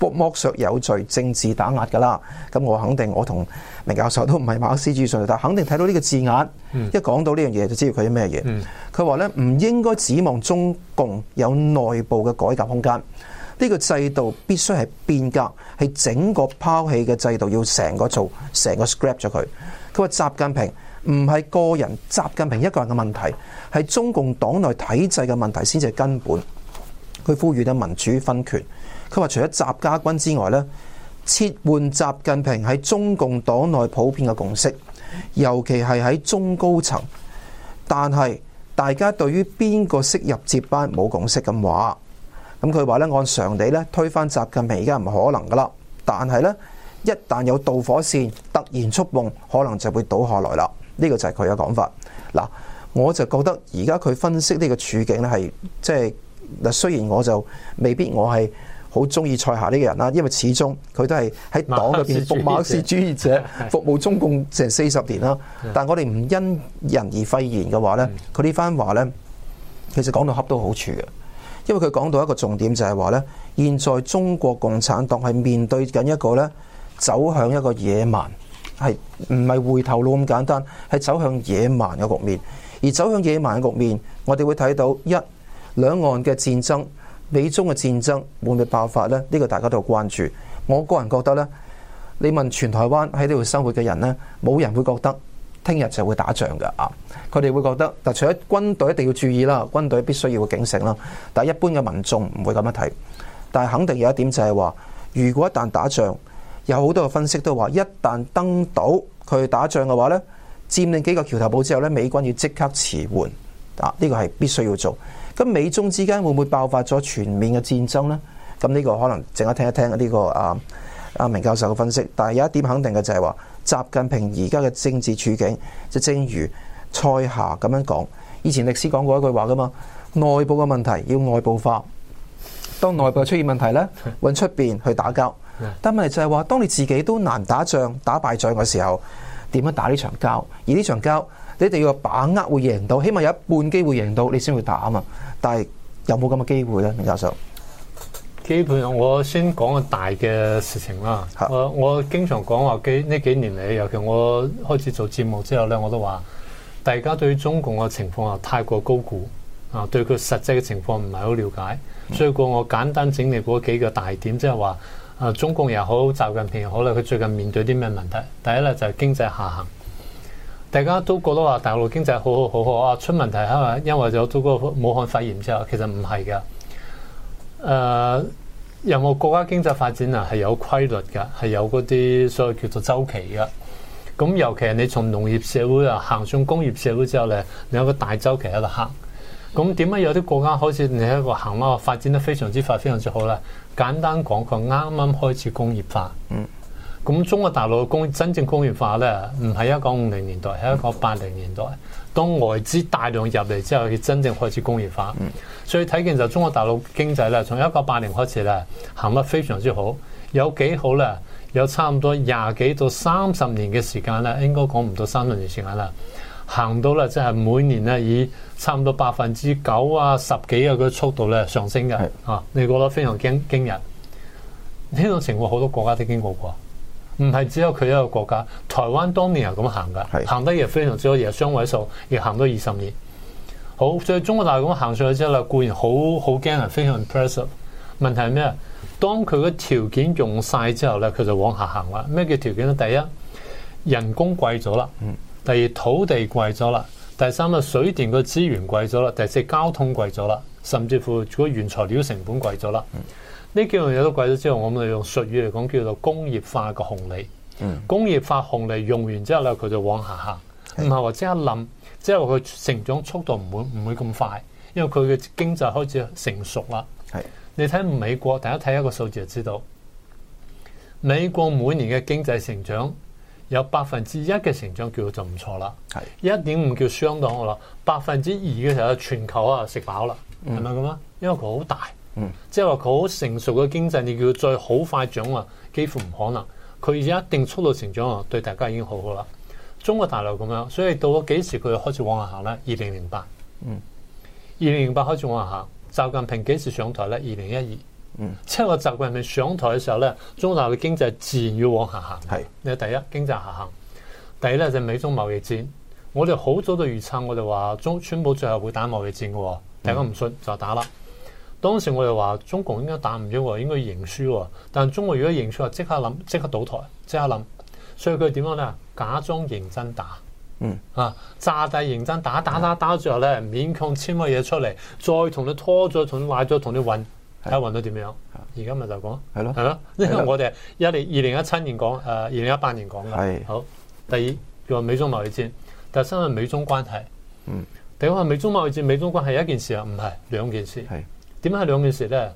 剝剝削有罪、政治打壓㗎啦。咁我肯定我同。明教授都唔係馬克思主義上，但肯定睇到呢個字眼。嗯、一講到呢樣嘢，就知道佢啲咩嘢。佢話呢，唔應該指望中共有內部嘅改革空間。呢、呢個制度必須係變革，係整個拋棄嘅制度，要成個做，成個 scrap 咗佢。佢話習近平唔係個人，習近平一個人嘅問題，係中共黨內體制嘅問題先至係根本。佢呼籲咧民主分權。佢話除咗習家軍之外呢。切換習近平喺中共黨內普遍嘅共識，尤其係喺中高層。但係大家對於邊個適入接班冇共識嘅話，咁佢話呢按常理呢推翻習近平而家唔可能噶啦。但係呢，一旦有導火線突然觸碰，可能就會倒下來啦。呢、這個就係佢嘅講法。嗱，我就覺得而家佢分析呢個處境呢係即係，嗱、就是、雖然我就未必我係。好中意蔡霞呢個人啦、啊，因為始終佢都係喺黨入邊服馬克思主義者，服務中共成四十年啦、啊。的但我哋唔因人而廢言嘅話呢，佢呢的番話呢，其實講到恰到好處嘅，因為佢講到一個重點就係話呢：「現在中國共產黨係面對緊一個呢走向一個野蠻，係唔係回頭路咁簡單，係走向野蠻嘅局面。而走向野蠻嘅局面，我哋會睇到一兩岸嘅戰爭。美中嘅戰爭會唔會爆發呢？呢個大家都關注。我個人覺得呢，你問全台灣喺呢度生活嘅人呢，冇人會覺得聽日就會打仗嘅啊！佢哋會覺得，但除咗軍隊一定要注意啦，軍隊必須要警醒啦。但一般嘅民眾唔會咁樣睇。但係肯定有一點就係話，如果一旦打仗，有好多嘅分析都話，一旦登島佢打仗嘅話呢，佔領幾個橋頭堡之後呢，美軍要即刻馳援啊！呢個係必須要做。咁美中之間會唔會爆發咗全面嘅戰爭呢？咁呢個可能陣間聽一聽呢個啊阿明教授嘅分析。但係有一點肯定嘅就係話，習近平而家嘅政治處境，就正如蔡霞咁樣講，以前歷史講過一句話㗎嘛，內部嘅問題要外部化。當內部出現問題呢，揾出面去打交。但係問題就係話，當你自己都難打仗、打敗仗嘅時候，點樣打呢場交？而呢場交？你哋要把握會贏到，起碼有一半機會贏到，你先會打嘛。但係有冇咁嘅機會咧？明教授，基本上我先講個大嘅事情啦。我的我經常講話幾呢幾年嚟，尤其我開始做節目之後咧，我都話大家對中共嘅情況啊太過高估啊，對佢實際嘅情況唔係好了解。所以講我簡單整理過幾個大點，即係話啊，中共又好，習近平又好啦，佢最近面對啲咩問題？第一咧就係、是、經濟下行。大家都覺得話大陸經濟好好好好啊，出問題係，因為有咗嗰個武漢肺炎之後，其實唔係嘅。誒、呃，任何國家經濟發展啊係有規律嘅，係有嗰啲所謂叫做周期嘅。咁、嗯、尤其係你從農業社會啊行上工業社會之後咧，你有個大周期喺度行。咁點解有啲國家好似你喺一個行啊發展得非常之快、非常之好咧？簡單講佢啱啱開始工業化，嗯。咁中國大陸工真正工業化咧，唔係一九五零年代，係一九八零年代。當外資大量入嚟之後，佢真正開始工業化。所以睇見就中國大陸經濟咧，從一九八零開始咧，行得非常之好。有幾好咧？有差唔多廿幾到三十年嘅時間咧，應該講唔到三十年時間啦，行到啦，即係每年咧以差唔多百分之九啊、十幾啊嘅速度咧上升嘅。嚇是、啊，你覺得非常驚驚人？呢種情況好多國家都經過過。唔係只有佢一個國家，台灣當年係咁行噶，是行得亦非常之多，亦係雙位數，亦行咗二十年。好，所以中國大陸咁行上去之後咧，固然好好驚，係非常 impressive。問題係咩？當佢個條件用晒之後咧，佢就往下行啦。咩叫條件咧？第一人工貴咗啦，第二土地貴咗啦，第三啦水電個資源貴咗啦，第四交通貴咗啦，甚至乎如果原材料成本貴咗啦。嗯呢幾樣嘢都貴咗之後，我哋用術語嚟講叫做工業化嘅紅利。嗯、工業化紅利用完之後咧，佢就往下行，唔係或者一冧，之後佢成長速度唔會唔會咁快，因為佢嘅經濟開始成熟啦。是你睇美國，大家睇一個數字就知道，美國每年嘅經濟成長有百分之一嘅成長，成長叫做就唔錯啦。一點五叫相當啦，百分之二嘅時候，全球啊食飽啦，係咪咁啊？因為佢好大。嗯，即係話佢好成熟嘅經濟，你叫佢再好快掌握，幾乎唔可能。佢而家一定速度成長啊，對大家已經好好啦。中國大陸咁樣，所以到咗幾時佢開始往下行咧？二零零八，嗯，二零零八開始往下行。習近平幾時上台咧？二零一二，嗯，即係個習近平上台嘅時候咧，中國大陸嘅經濟自然要往下行。係是，呢第一，經濟下行。第二咧就是、美中貿易戰，我哋好早就預測，我哋話中、川普最後會打貿易戰嘅，大家唔信就打啦。嗯當時我哋話中共應該打唔贏喎，應該認輸喎。但係中國如果認輸，即刻諗，即刻倒台，即刻諗。所以佢點樣咧？假裝認真打，嗯啊，詐諦認真打打打打之後咧，勉強簽個嘢出嚟，再同你拖咗，同你壞咗，同你運，睇下運到點樣。而家咪就講，係咯，係咯。因為我哋一零二零一七年講，誒，二零一八年講嘅。係好。第二叫美中貿易戰，第三係美中關係。嗯。第二話美中貿易戰、美中關係一件事啊，唔係兩件事。係。點解係兩件事咧？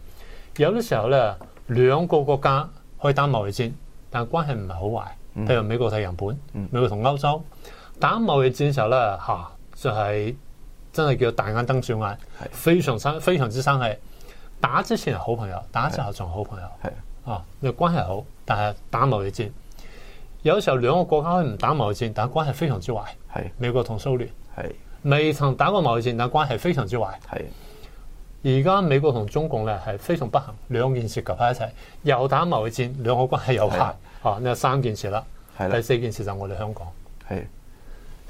有啲時候咧，兩個國家可以打貿易戰，但係關係唔係好壞。譬如美國同日本，嗯、美國同歐洲打貿易戰嘅時候咧，吓、啊、就係、是、真係叫大眼瞪小眼，非常生非常之生氣。打之前係好朋友，打之後仲係好朋友。係啊，關係好，但係打貿易戰。有啲時候兩個國家可以唔打貿易戰，但係關係非常之壞。係是美國同蘇聯，係未是曾打過貿易戰，但係關係非常之壞。係。而家美國同中共咧係非常不幸，兩件事夾喺一齊，又打貿易戰，兩個關係有限，嚇，呢有三件事啦。第四件事就係我哋香港，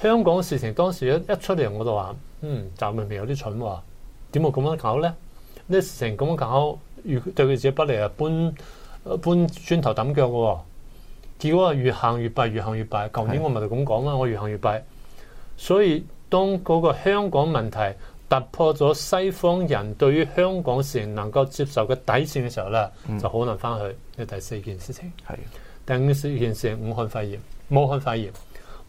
香港嘅事情當時一一出嚟我就話，嗯，就明明有啲蠢喎，點會咁樣搞咧？呢事情咁樣搞，如對佢自己不利啊，搬搬磚頭揼腳嘅喎，結果啊越行越弊，越行越弊。舊年我咪就咁講啦，我越行越弊。所以當嗰個香港問題，突破咗西方人對於香港事能夠接受嘅底線嘅時候咧，嗯，就好難翻去。呢第四件事情，的第五件事武漢肺炎。武漢肺炎，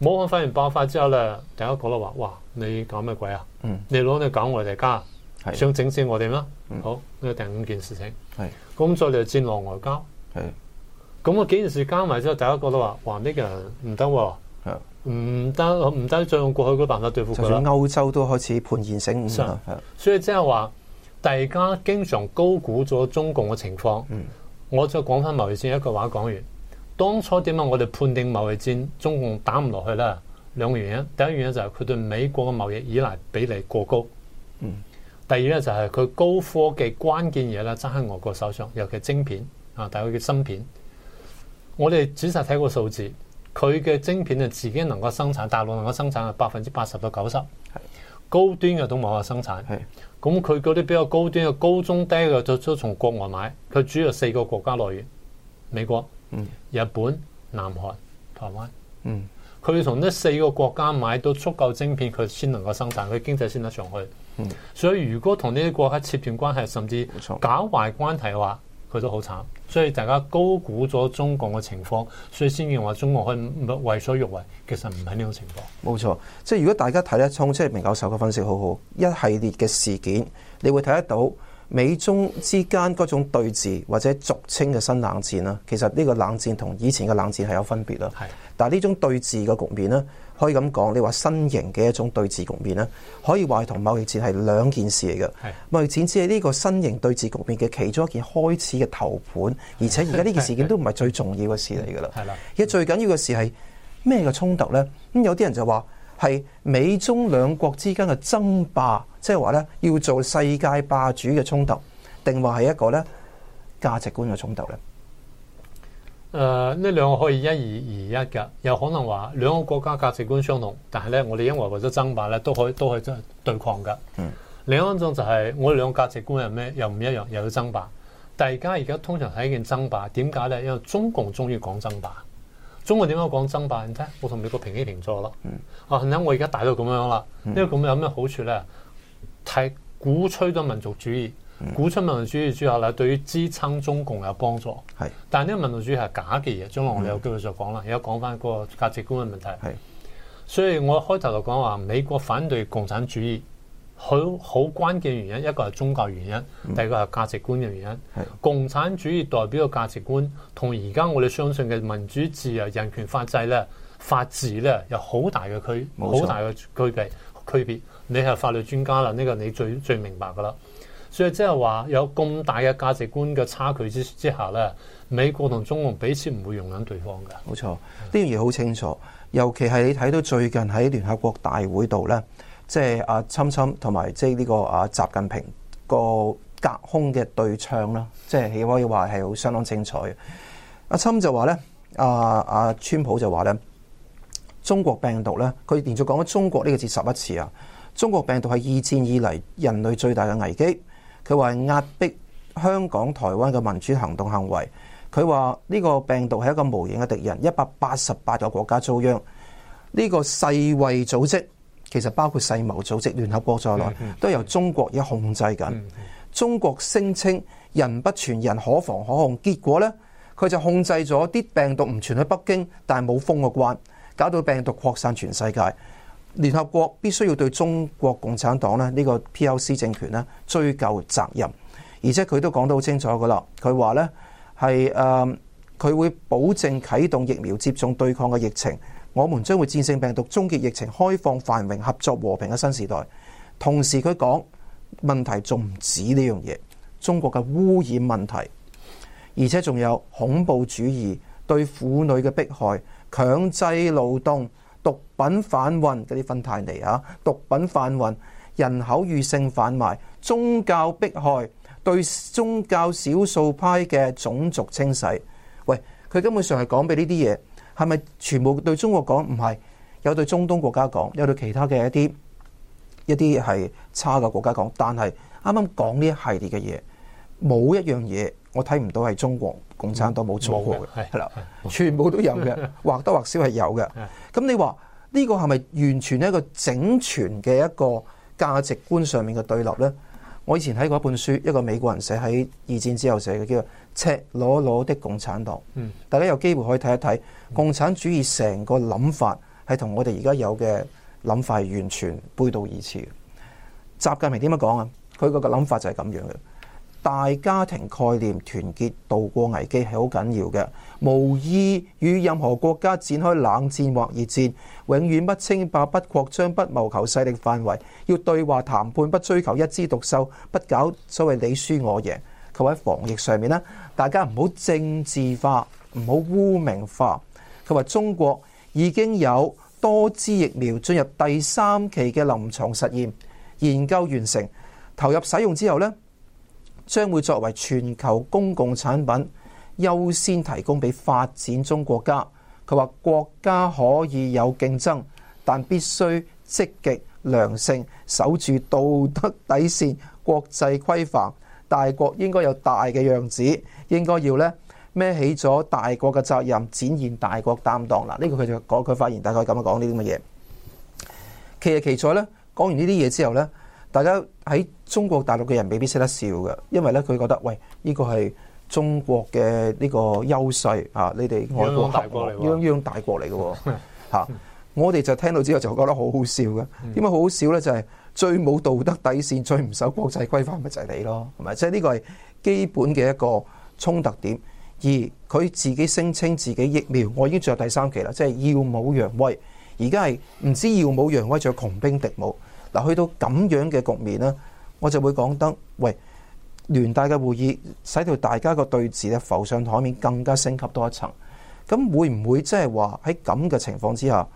武漢肺炎爆發之後咧，大家覺得話：哇！你搞咩鬼啊？嗯，你攞你搞我哋家，的想整死我哋咩？好，呢、嗯，第五件事情。係咁的，再嚟戰狼外交。係咁的，我幾件事加埋之後，大家覺得話：哇！呢、這個人唔得喎。係唔得唔得，得再用過去嗰個辦法對付佢。就算歐洲都開始幡然醒，係、嗯，啊啊、所以即係話，大家經常高估咗中共嘅情況。嗯、我再講翻貿易戰一句話講完。當初點解我哋判定貿易戰中共打唔落去咧？兩個原因，第一原因就係佢對美國嘅貿易依賴比例過高。嗯，第二咧就係佢高科技關鍵嘢咧揸喺外國手上，尤其晶片啊，大概叫芯片。我哋仔細睇個數字。佢嘅晶片係自己能夠生產，大陸能夠生產係百分之八十到九十，高端嘅都冇可生產。咁佢嗰啲比較高端嘅高中低嘅都都從國外買，佢主要四個國家來源：美國、日本、南韓、台灣。佢要從呢四個國家買到足夠晶片，佢先能夠生產，佢經濟先得上去。所以如果同呢啲國家切斷關係，甚至搞壞關係嘅話，佢都好慘，所以大家高估咗中共嘅情況，所以先至話中共可以為所欲為，其實唔係呢種情況。冇錯，即係如果大家睇得通，即係明教授嘅分析好好，一系列嘅事件，你會睇得到美中之間嗰種對峙或者俗稱嘅新冷戰啦。其實呢個冷戰同以前嘅冷戰係有分別啦。係的，但係呢種對峙嘅局面呢？可以咁講，你話新型嘅一種對峙局面咧，可以話係同貿易戰係兩件事嚟嘅。貿易的戰只係呢個新型對峙局面嘅其中一件開始嘅頭盤，的而且而家呢件事件都唔係最重要嘅事嚟噶啦。而家最緊要嘅事係咩嘅衝突咧？咁有啲人就話係美中兩國之間嘅爭霸，即係話咧要做世界霸主嘅衝突，定話係一個咧價值觀嘅衝突咧？誒，呢、呃、兩個可以一二二一嘅，有可能話兩個國家價值觀相同，但係咧，我哋因為為咗爭霸咧，都可以都可以真係對抗噶。嗯、另一種就係、是、我哋兩個價值觀又咩？又唔一樣，又要爭霸。大家而家通常睇見爭霸，點解咧？因為中共中意講爭霸，中國點樣講爭霸？你睇，我同美國平起平坐咯。嗯。啊，你我而家大到咁樣啦，呢個咁樣有咩好處咧？太鼓吹咗民族主義。鼓吹民粹主，主義之後，對於支撐中共有幫助。係是，但係呢個民粹主，主義係假嘅嘢。將來我哋有機會再講啦。而家講翻個價值觀嘅問題係，是所以我一開頭就講話美國反對共產主義，好好關鍵原因一個係宗教原因，第二個係價值觀嘅原因。是共產主義代表嘅價值觀，同而家我哋相信嘅民主自由、人權法制咧、法治咧，有好大嘅區好錯大嘅區別。區別你係法律專家啦，呢、呢個你最最明白噶啦。所以即係話有咁大嘅價值觀嘅差距之之下咧，美國同中共彼此唔會容忍對方嘅、嗯。冇錯，呢樣嘢好清楚。尤其係你睇到最近喺聯合國大會度咧，即係阿侵侵同埋即係呢個阿習近平個隔空嘅對唱啦，即係亦可以話係好相當精彩嘅。阿侵就話咧，阿阿川普就話咧、啊啊，中國病毒咧，佢連續講咗中國呢個字十一次啊！中國病毒係二戰以嚟人類最大嘅危機。佢話壓迫香港、台灣嘅民主行動行為。佢話呢個病毒係一個無形嘅敵人，一百八十八個國家遭殃。呢個世衛組織其實包括世貿組織聯合國在內，都由中國而家控制緊。中國聲稱人不傳人可防可控，結果呢，佢就控制咗啲病毒唔傳去北京，但係冇封個關，搞到病毒擴散全世界。聯合國必須要對中國共產黨咧，呢個 PRC 政權咧追究責任，而且佢都講得好清楚噶啦。佢話呢係，誒，佢會保證啟動疫苗接種對抗嘅疫情，我們將會戰勝病毒，終結疫情，開放繁榮、合作和平嘅新時代。同時佢講問題仲唔止呢樣嘢，中國嘅污染問題，而且仲有恐怖主義、對婦女嘅迫害、強制勞動。毒品販運，嗰啲芬太尼啊，毒品販運，人口與性販賣，宗教迫害，對宗教少數派嘅種族清洗。喂，佢根本上係講俾呢啲嘢，係咪全部對中國講？唔係，有對中東國家講，有對其他嘅一啲，一啲係差嘅國家講。但係啱啱講呢一系列嘅嘢，冇一樣嘢。我睇唔到係中國共產黨冇錯過嘅，係啦，的的全部都有嘅，或多或少係有嘅。咁 (laughs) 你話呢個係咪完全係一個整全嘅一個價值觀上面嘅對立呢？我以前睇過一本書，一個美國人寫喺二戰之後寫嘅，叫做《赤裸裸的共產黨》。大家有機會可以睇一睇，共產主義成個諗法係同我哋而家有嘅諗法係完全背道而馳嘅。習近平點樣講啊？佢個諗法就係咁樣嘅。大家庭概念、團結渡過危機係好緊要嘅，無意與任何國家展開冷戰或熱戰，永遠不稱霸、不擴張、不謀求勢力範圍，要對話談判，不追求一枝獨秀，不搞所謂你輸我贏。佢喺防疫上面呢，大家唔好政治化，唔好污名化。佢話中國已經有多支疫苗進入第三期嘅臨床實驗，研究完成，投入使用之後呢。將會作為全球公共產品，優先提供俾發展中國家。佢話國家可以有競爭，但必須積極良性，守住道德底線、國際規範。大國應該有大嘅樣子，應該要呢孭起咗大國嘅責任，展現大國擔當。嗱，呢個佢就講佢發言，大概咁樣講呢啲乜嘢。其實其彩，呢講完呢啲嘢之後呢。大家喺中國大陸嘅人未必識得笑嘅，因為咧佢覺得喂，呢、呢個係中國嘅呢個優勢啊！你哋外國大國，泱泱大國嚟嘅喎，我哋就聽到之後就覺得好好笑嘅。點解好好笑咧？就係、是、最冇道德底線、最唔守國際規範，咪就係你咯，係咪？即係呢個係基本嘅一個衝突點。而佢自己聲稱自己疫苗，我已經做第三期啦，即、就、係、是、耀武揚威。而家係唔知耀武揚威，仲有窮兵黷武。嗱，去到咁樣嘅局面呢，我就會講得喂，聯大嘅會議使到大家嘅對峙咧浮上台面，更加升級多一層。咁會唔會即係話喺咁嘅情況之下，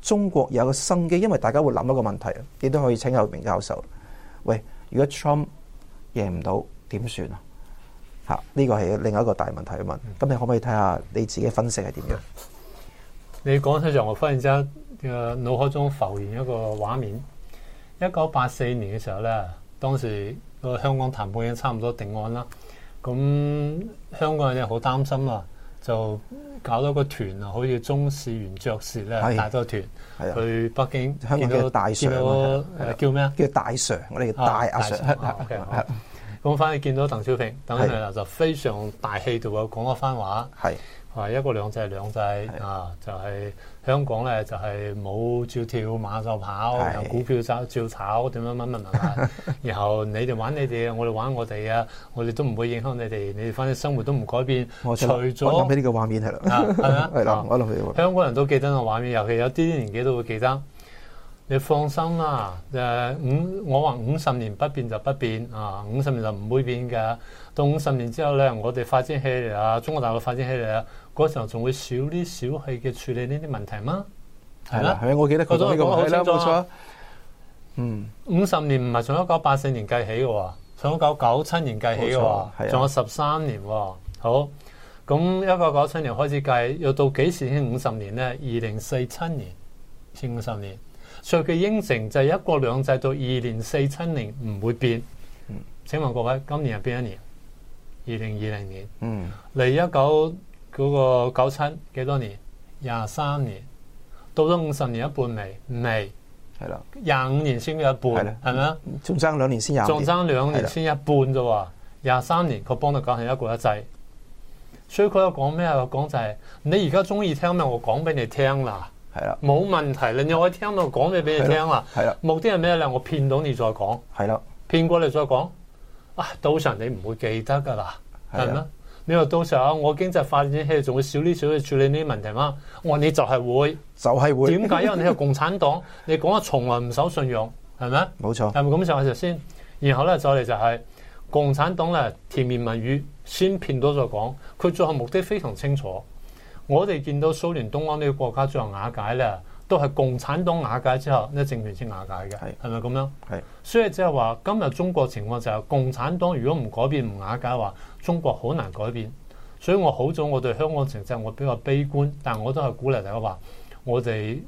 中國有個生機？因為大家會諗一個問題，亦都可以請阿明教授喂，如果 Trump 贏唔到點算啊？嚇，呢個係另外一個大問題嘅問題。咁你可唔可以睇下你自己分析係點樣？嗯、你講起就我忽然之間嘅腦海中浮現一個畫面。一九八四年嘅時候咧，當時個香港談判已經差唔多定案啦。咁、嗯、香港人咧好擔心啊，就搞到個團啊，好似鍾士元爵士咧帶咗團是的 去北京，見到見到叫咩啊？叫大 Sir，我哋大阿 Sir, (laughs) 大 Sir okay。咁反而見到鄧小平，咁啊就非常大氣度啊，講一番話，係話一國兩制兩制，啊，就係、是。香港咧就係、是、冇照跳馬就跑，然後股票就照，照炒，點樣乜乜乜乜，然後你哋玩你哋，我哋玩我哋啊，我哋都唔會影響你哋，你哋反正生活都唔改變。我除咗了我諗起呢個畫面係啦，係咪啊？係啦，我諗香港人都記得個畫面，尤其有啲年紀都會記得。你放心啦，誒、就是、五我話五十年不變就不變啊，五十年就唔會變㗎。到五十年之後咧，我哋發展起嚟啊，中國大陸發展起嚟啊。嗰時候仲會少啲小氣嘅處理呢啲問題嗎？係啦，係啊，我記得佢講過係啦，冇錯。嗯，五十年唔係從一九八四年計起嘅，從一九九七年計起嘅，仲有十三年。好，咁一九九七年開始計，又到幾時先五十年呢？二零四七年先五十年。所以佢應承就係一國兩制到二零四七年唔會變。嗯，請問各位，今年係邊一年？二零二零年。嗯，嚟一九。嗰個九七幾多年？廿三年，到咗五十年一半未？未係啦。廿五年先有一半，係咪啊？仲爭兩年先廿？仲爭兩年先一半啫？廿三的年佢幫到九七一個一制，所以佢有講咩啊？講就係、是、你而家中意聽咩？我講俾你聽啦。係啦的，冇問題，你又可以聽到講我俾你聽啦。係啦，的目的係咩咧？我騙到你再講，係啦的，騙過你再講，啊、哎，到時你唔會記得噶啦，係咪你話到時候、啊，我經濟發展起嚟，仲會少啲少啲處理呢啲問題嗎？我話你就係會，就係會。點解？因為你係共產黨， (laughs) 你講話從來唔守信用，係咪？冇錯。係咪咁上下先？然後咧，再嚟就係、是、共產黨咧，甜言蜜語先騙到再講，佢最後目的非常清楚。我哋見到蘇聯東安呢個國家最後瓦解咧。都係共產黨瓦解之後，呢個政權先瓦解嘅，係咪咁樣？係是，所以即係話今日中國情況就係、是、共產黨如果唔改變唔瓦解嘅話，話中國好難改變。所以我好早我對香港情勢我比較悲觀，但我都係鼓勵大家話，我哋誒、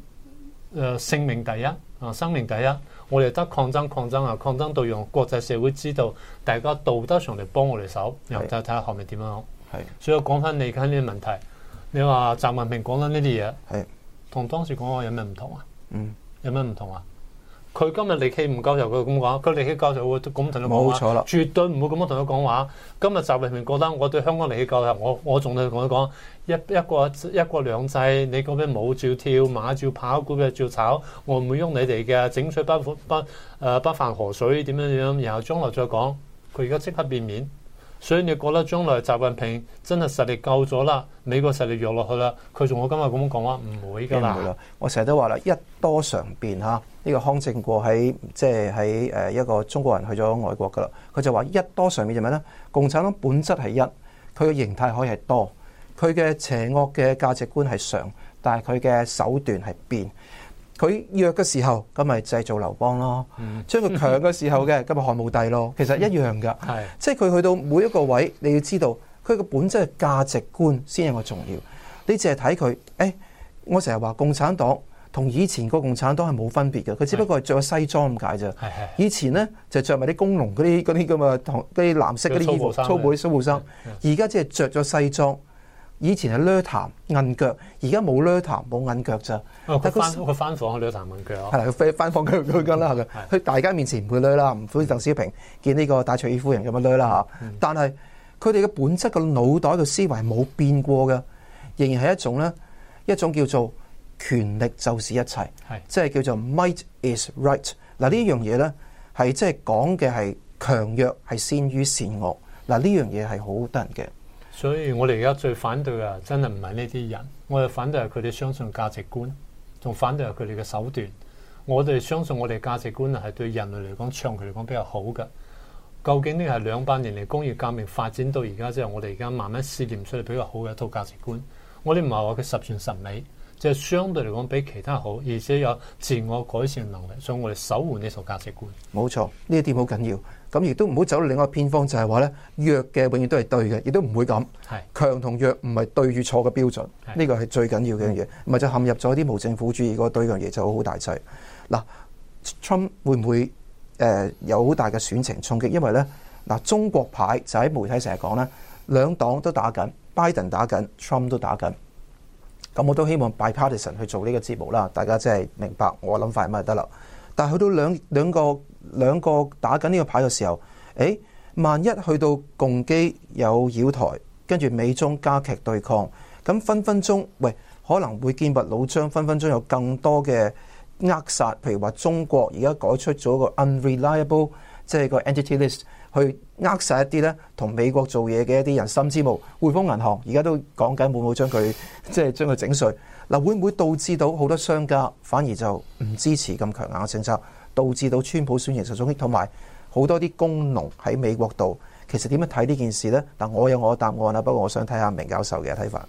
呃、性命第一，啊生命第一，我哋得抗爭抗爭啊，抗爭到讓國際社會知道，大家道德上嚟，幫我哋手，是然後再睇下後面點樣。係是，所以我講翻你而家呢個問題，你話習近平講緊呢啲嘢。係。同當時講話有咩唔同啊？嗯，有咩唔同啊？佢今日力氣唔夠時佢咁講；佢力氣夠就會，咁同佢講。冇錯啦，絕對唔會咁樣同佢講話。今日習近平覺得我對香港力氣夠我我仲同佢講一一個一國兩制。你嗰邊舞照跳，馬照跑，嗰邊照，照炒，我唔會喐你哋嘅，整水不，不，誒，不犯河水點樣點樣，然後將來再講。佢而家即刻變面。所以你覺得將來習近平真係實力夠咗啦，美國實力弱落去啦，佢仲會今日咁講啊？唔會㗎啦！我成日都話啦，一多常變嚇。呢個康正國喺即係喺誒一個中國人去咗外國㗎啦。佢就話一多常變係咩咧？共產黨本質係一，佢嘅形態可以係多，佢嘅邪惡嘅價值觀係常，但係佢嘅手段係變。佢弱嘅時候，咁咪就係做劉邦咯。將佢，嗯、 (laughs) 強嘅時候嘅，咁咪漢武帝咯。其實一樣噶，的即係佢去到每一個位，你要知道佢個本質係價值觀先係個重要。你淨係睇佢，誒、欸，我成日話共產黨同以前個共產黨係冇分別嘅，佢只不過係着咗西裝咁解啫。的以前咧就着埋啲工農嗰啲嗰啲咁啊，啲藍色嗰啲衣服，粗布啲粗布衫，而家的只係着咗西裝。以前係掠談銀腳，而家冇掠談冇銀腳咋？但佢翻佢翻房掠談銀腳咯。係啦，佢飛翻房繼續講緊啦。係啦，喺大家面前唔會掠啦，唔好似鄧小平見呢個戴卓爾夫人咁樣掠啦嚇。但係佢哋嘅本質，個腦袋個思維冇變過嘅，仍然係一種咧，一種叫做權力就是一切，係即係叫做 might is right。嗱，呢樣嘢咧係即係講嘅係強弱係先於善惡。嗱，呢樣嘢係好得人嘅。所以我哋而家最反對嘅，真係唔係呢啲人，我哋反對係佢哋相信價值觀，仲反對係佢哋嘅手段。我哋相信我哋價值觀係對人類嚟講、長期嚟講比較好嘅。究竟呢係兩百年嚟工業革命發展到而家之後，我哋而家慢慢試驗出嚟比較好嘅一套價值觀。我哋唔係話佢十全十美，即係相對嚟講比其他好，而且有自我改善能力。所以我哋守護呢套價值觀，冇錯，呢一點好緊要。咁亦都唔好走另外一個偏方，就係話咧弱嘅永遠都係對嘅，亦都唔會咁。係是的 強同弱唔係對與錯嘅標準，呢個係最緊要嘅一樣嘢，咪是的 就陷入咗啲無政府主義嗰對樣嘢就好大劑。嗱，Trump 會唔會誒、呃、有好大嘅選情衝擊？因為咧嗱，中國牌就喺媒體成日講咧，兩黨都打緊，Biden 打緊，Trump 都打緊。咁我都希望 bipartisan 去做呢個節目啦，大家即係明白我諗法係乜就得啦，但係去到兩兩個。兩個打緊呢個牌嘅時候，誒、哎、萬一去到共機有擾台，跟住美中加劇對抗，咁分分鐘喂可能會見物老張，分分鐘有更多嘅扼殺。譬如話中國而家改出咗個 unreliable，即係個 entity list 去扼殺一啲呢同美國做嘢嘅一啲人心之霧。匯豐銀行而家都講緊會唔會將佢即係將佢整碎，嗱、啊、會唔會導致到好多商家反而就唔支持咁強硬嘅政策？導致到川普選情受衝擊，同埋好多啲工農喺美國度。其實點樣睇呢件事咧？但我有我嘅答案啦。不過我想睇下明教授嘅睇法。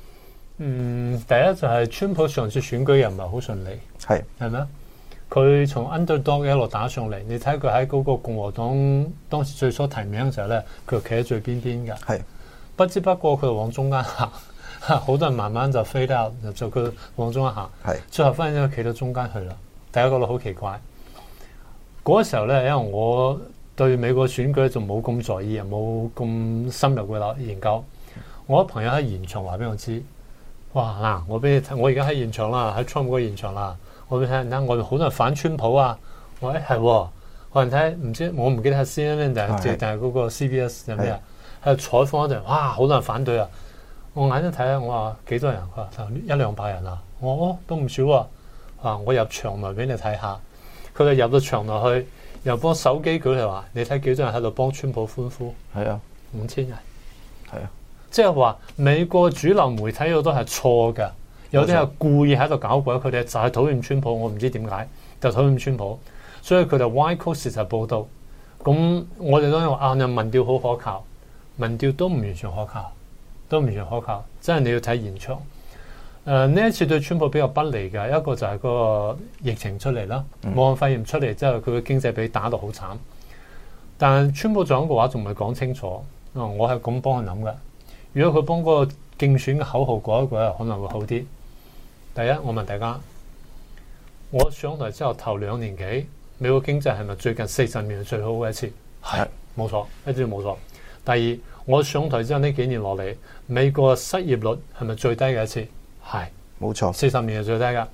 嗯，第一就係川普上次選舉又唔係好順利，係係咩？佢從 underdog 一路打上嚟，你睇佢喺嗰個共和黨當時最初提名嘅時候咧，佢就企喺最邊邊㗎。係是，不知不覺佢就，就往中間行，好多人慢慢就飛得就佢往中間行。係，最後反而企到中間去啦。大家覺得好奇怪。嗰時候咧，因為我對美國選舉仲冇咁在意，冇咁深入嘅研究。我一朋友喺現，現場話俾我知，哇嗱，我俾你我而家喺現場啦，喺川普嘅現場啦，我俾你睇下，我哋好多人反川普啊。喂，係、哎，我睇唔知，我唔記得先咧，就係就係 CNN 定係 CBS 定咩啊？喺度採訪嗰陣，哇，好多人反對啊！我眼一睇下，我話幾多人？我話一兩百人啊，我都唔少啊，啊。我入場嚟俾你睇下。佢哋入到場落去，又幫手機舉嚟話：你睇幾多人喺度幫川普歡呼？係啊，五千人。係啊，即係話美國主流媒體好多係錯嘅，有啲係故意喺度搞鬼。佢哋就係討厭川普，我唔知點解就討厭川普。所以佢就歪曲事實報導。咁我哋都話啱呀，民調好可靠，民調都唔完全可靠，都唔完全可靠。即係你要睇現場。誒呢、呃、一次對川普比較不利嘅一個就係嗰個疫情出嚟啦，武漢、嗯、肺炎出嚟之後，佢嘅經濟俾打到好慘。但川普長嘅話仲未講清楚、嗯、我係咁幫佢諗嘅。如果佢幫嗰個競選嘅口號過一過，可能會好啲。第一，我問大家，我上台之後頭兩年幾美國經濟係咪最近四十年係最好嘅一次？係冇錯，一啲冇錯。第二，我上台之後呢幾年落嚟，美國失業率係咪最低嘅一次？係，冇是錯，四十年係最低噶。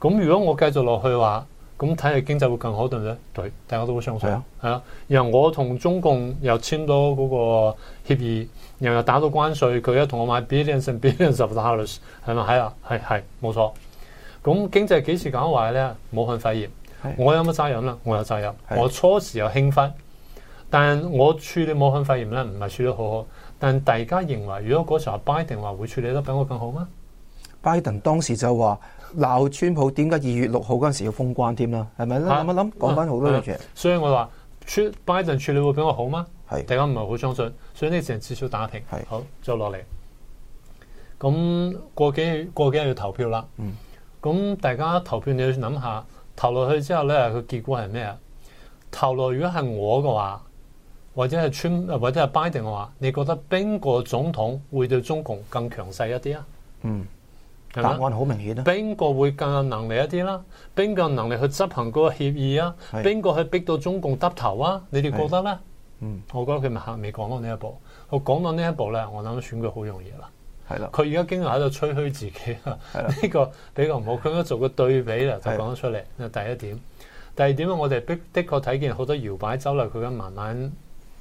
咁如果我繼續落去嘅話，咁睇嚟經濟會更好，對唔對？對，大家都會相信。係啊，然後、啊、我同中共又簽咗嗰個協議，然後又打到關稅，佢又同我買 billions and billions of dollars，係咪？係啊，係係，冇錯。咁經濟幾時搞壞咧？武漢肺炎，啊、我有乜責任啦？我有責任，啊、我初時又興奮，但我處理武漢肺炎咧，唔係處理好好。但大家認為，如果嗰時候拜登話會處理得比我更好咩？拜登當時就話鬧川普點解二月六號嗰陣時要封關添啦，係咪咧？諗一諗，講翻好多嘢。所以我話，川拜登處理會比我好嗎？係是，大家唔係好相信，所以呢成日至少打平。係是，好就落嚟。咁過幾過幾日要投票啦。嗯。咁大家投票你要諗下，投落去之後咧，佢結果係咩？投落如果係我嘅話，或者係川或者係拜登嘅話，你覺得邊個總統會對中共更強勢一啲啊？嗯。是是答案好明顯啦、啊，邊個會更有能力一啲啦？邊個有能力去執行個協議啊？邊個去逼到中共耷頭啊？你哋覺得咧？嗯的，我覺得佢未未講到呢一步，我講到呢一步咧，我諗選舉好容易啦。係啦的，佢而家經常喺度吹嘘自己啊，呢 (laughs) 個比較唔好。佢而家做個對比啦，就講得出嚟。的第一點，第二點我哋的的確睇見好多搖擺州啦，佢咁慢慢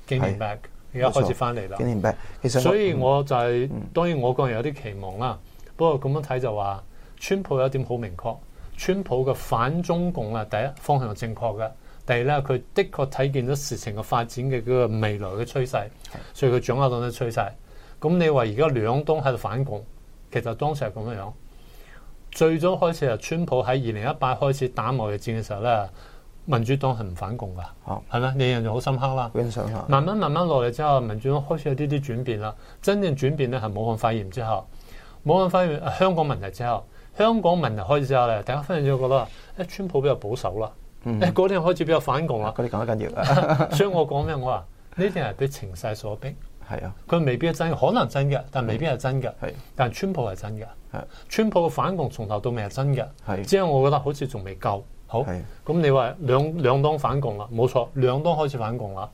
經明 back，而家的開始翻嚟啦。經明 back，其實所以我就係、是嗯、當然我個人有啲期望啦、啊。不過咁樣睇就話，川普有一點好明確，川普嘅反中共啊，第一方向係正確嘅，第二咧佢的確睇見咗事情嘅發展嘅嗰個未來嘅趨勢，的所以佢掌握到啲趨勢。咁你話而家兩黨喺度反共，其實當時係咁樣樣。最早開始由川普喺二零一八開始打貿易戰嘅時候咧，民主黨係唔反共噶，係啦好，你印象好深刻啦，印象啊。慢慢慢慢落嚟之後，民主黨開始有啲啲轉變啦，真正轉變咧係武漢肺炎之後。冇人發現香港問題之後，香港問題開始之後咧，大家反映就覺得，誒、哎、川普比較保守啦，誒嗰啲人開始比較反共啦。佢哋講得緊要啊！嗯、所以我講咩？我話呢啲係被情勢所逼，係啊，佢未必係真，可能真嘅，但未必係真嘅。係、嗯，但係川普係真嘅。係是，川普嘅反共從頭到尾係真嘅。係是，只係我覺得好似仲未夠好。咁是你話兩兩黨反共啦，冇錯，兩黨開始反共啦。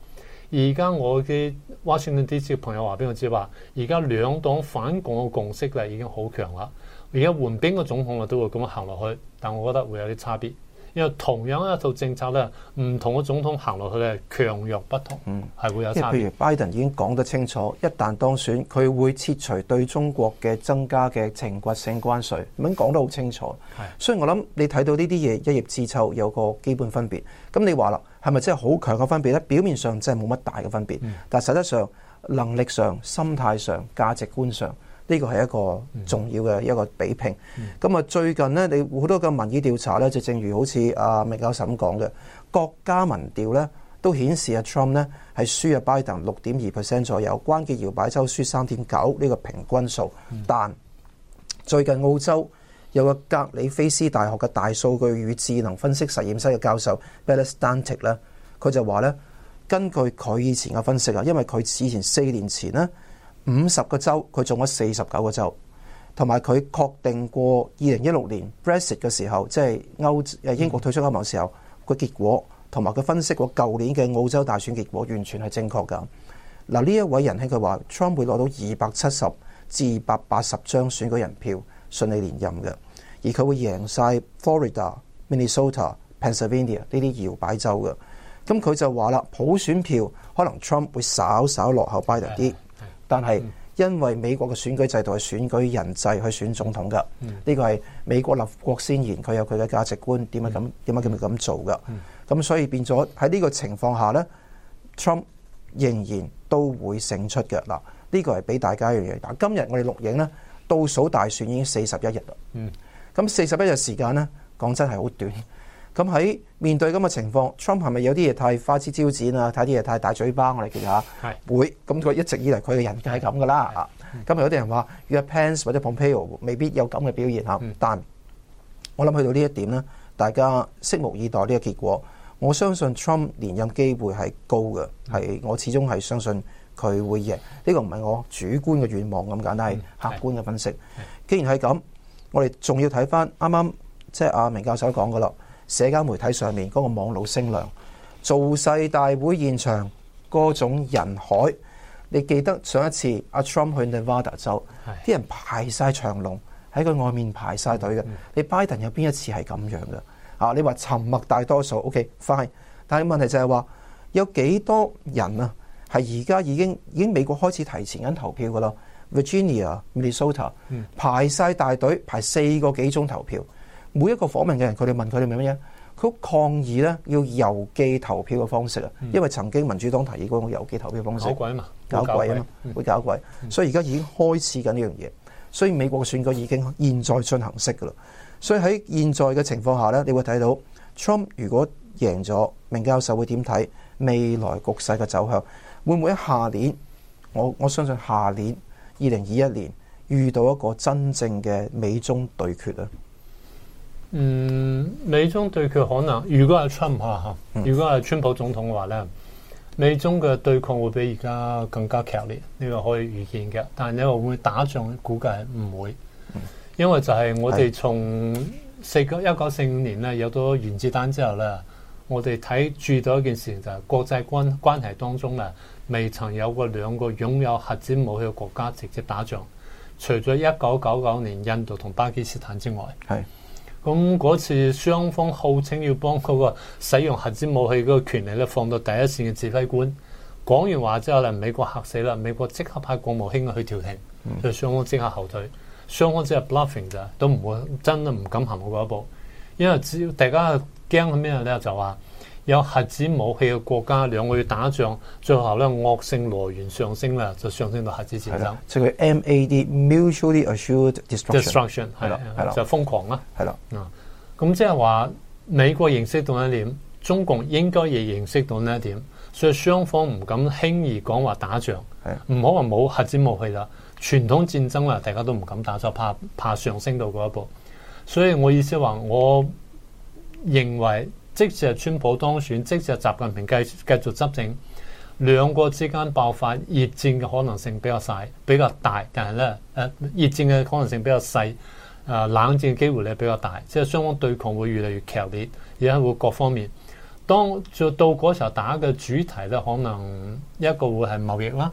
而家我嘅 Washington DC 嘅朋友話俾我知話，而家兩黨反共嘅共識咧已經好強啦。而家換邊個總統啊都會咁樣行落去，但我覺得會有啲差別。因為同樣一套政策咧，唔同嘅總統行落去咧，強弱不同，係、嗯、會有差別。即係譬如拜登已經講得清楚，一旦當選，佢會撤除對中國嘅增加嘅懲罰性關稅，咁樣講得好清楚。係的，所以我諗你睇到呢啲嘢，一葉知秋，有個基本分別。咁你話啦，係咪真係好強嘅分別咧？表面上真係冇乜大嘅分別，嗯、但係實質上能力上、心態上、價值觀上。呢個係一個重要嘅一個比拼。咁啊、嗯，最近呢，你好多嘅民意調查呢，就正如好似阿明教授講嘅，國家民調呢，都顯示阿 Trump 呢係輸阿 Biden 六點二 percent 左右，關鍵搖擺州輸三點九呢個平均數。嗯、但最近澳洲有個格里菲斯大學嘅大數據與智能分析實驗室嘅教授 Bela Stantic 呢，佢、嗯、就話呢，根據佢以前嘅分析啊，因為佢此前四年前呢，五十個州，佢中咗四十九個州，同埋佢確定過二零一六年 Brexit 嘅時候，即係歐誒英國退出歐盟時候，個、嗯、結果同埋佢分析過舊年嘅澳洲大選結果，完全係正確㗎。嗱、啊、呢一位人喺佢話 Trump 會攞到二百七十至二百八十張選舉人票，順利連任嘅，而佢會贏晒 Florida、Minnesota, Minnesota、Pennsylvania 呢啲搖擺州㗎。咁、嗯、佢就話啦，普選票可能 Trump 會稍稍落後 Biden 啲。Biden，嗯但係，因為美國嘅選舉制度係選舉人制去選總統嘅，呢、嗯、個係美國立國先言，佢有佢嘅價值觀，點解咁點樣咁做嘅。咁、嗯、所以變咗喺呢個情況下呢 Trump 仍然都會勝出嘅。嗱，呢個係俾大家一樣嘢。嗱，今日我哋錄影呢，倒數大選已經四十一日啦。嗯，咁四十一日時間呢，講真係好短。咁喺面對咁嘅情況，Trump 係咪有啲嘢太花枝招展啊？睇啲嘢太大嘴巴，我哋其實係會咁，佢一直以嚟佢嘅人格係咁噶啦。咁有啲人話，若 Pence 或者 Pompeo 未必有咁嘅表現嚇，但我諗去到呢一點呢，大家拭目以待呢個結果。我相信 Trump 連任機會係高嘅，係我始終係相信佢會贏。呢個唔係我主觀嘅願望咁簡單，係客觀嘅分析。既然係咁，我哋仲要睇翻啱啱即係阿明教授講嘅咯。社交媒體上面嗰個網路聲量，造勢大會現場嗰種人海，你記得上一次阿 Trump 去你瓦達州，啲是人排晒長龍喺佢外面排晒隊嘅。你拜登有邊一次係咁樣嘅？啊，你話沉默大多數 OK，f、okay, i n e 但係問題就係話有幾多人啊？係而家已經已經美國開始提前緊投票噶啦，Virginia、m i n n e s o t a 排晒大隊，排四個幾鐘投票。每一個訪問嘅人，佢哋問，佢哋係乜嘢？佢抗議呢，要郵寄投票嘅方式啊，因為曾經民主黨提議過嗰個郵寄投票方式搞鬼嘛，搞鬼啊嘛，會搞鬼。搞鬼嗯、所以而家已經開始緊呢樣嘢，所以美國嘅選舉已經現在進行式㗎喇。所以喺現在嘅情況下呢，你會睇到 Trump 如果贏咗，明教授會點睇未來局勢嘅走向？會唔會喺下年？我我相信下年二零二一年遇到一個真正嘅美中對決啊！嗯，美中對決可能，如果係川普吓，如果係川普總統嘅話咧，嗯、美中嘅對抗會比而家更加劇烈，呢、這個可以預見嘅。但係呢個會唔會打仗，估計唔會，因為就係我哋從四個一九四五年咧有咗原子彈之後咧，是的 我哋睇住咗一件事就係國際關關係當中咧，未曾有過兩個擁有核子武器嘅國家直接打仗，除咗一九九九年印度同巴基斯坦之外，係。咁嗰次雙方號稱要幫嗰個使用核子武器嗰個權利咧放到第一線嘅指揮官講完話之後咧，美國嚇死啦！美國即刻派國務卿去調停，所以雙方即刻後退，雙方即係 bluffing 咋，都唔會真係，唔敢行嗰一步，因為只要大家驚係咩咧？就話。有核子武器嘅國家兩個月打仗，最後咧惡性螺旋上升啦，就上升到核子戰爭。即係 MAD，mutually assured destruction，係啦係啦，就瘋狂啦係啦。咁即係話美國認識到一點，中共應該亦認識到呢一點，所以雙方唔敢輕易講話打仗，唔好話冇核子武器啦。傳統戰爭啦，大家都唔敢打，就怕怕上升到嗰一步。所以我意思話，我認為。即使係川普當選，即使係習近平繼繼續執政，兩個之間爆發熱戰嘅可能性比較細，比較大，但係咧，誒、呃、熱戰嘅可能性比較細，誒、呃、冷戰嘅機會咧比較大，即係雙方對抗會越嚟越強烈，而家會各方面，當就到嗰時候打嘅主題咧，可能一個會係貿易啦。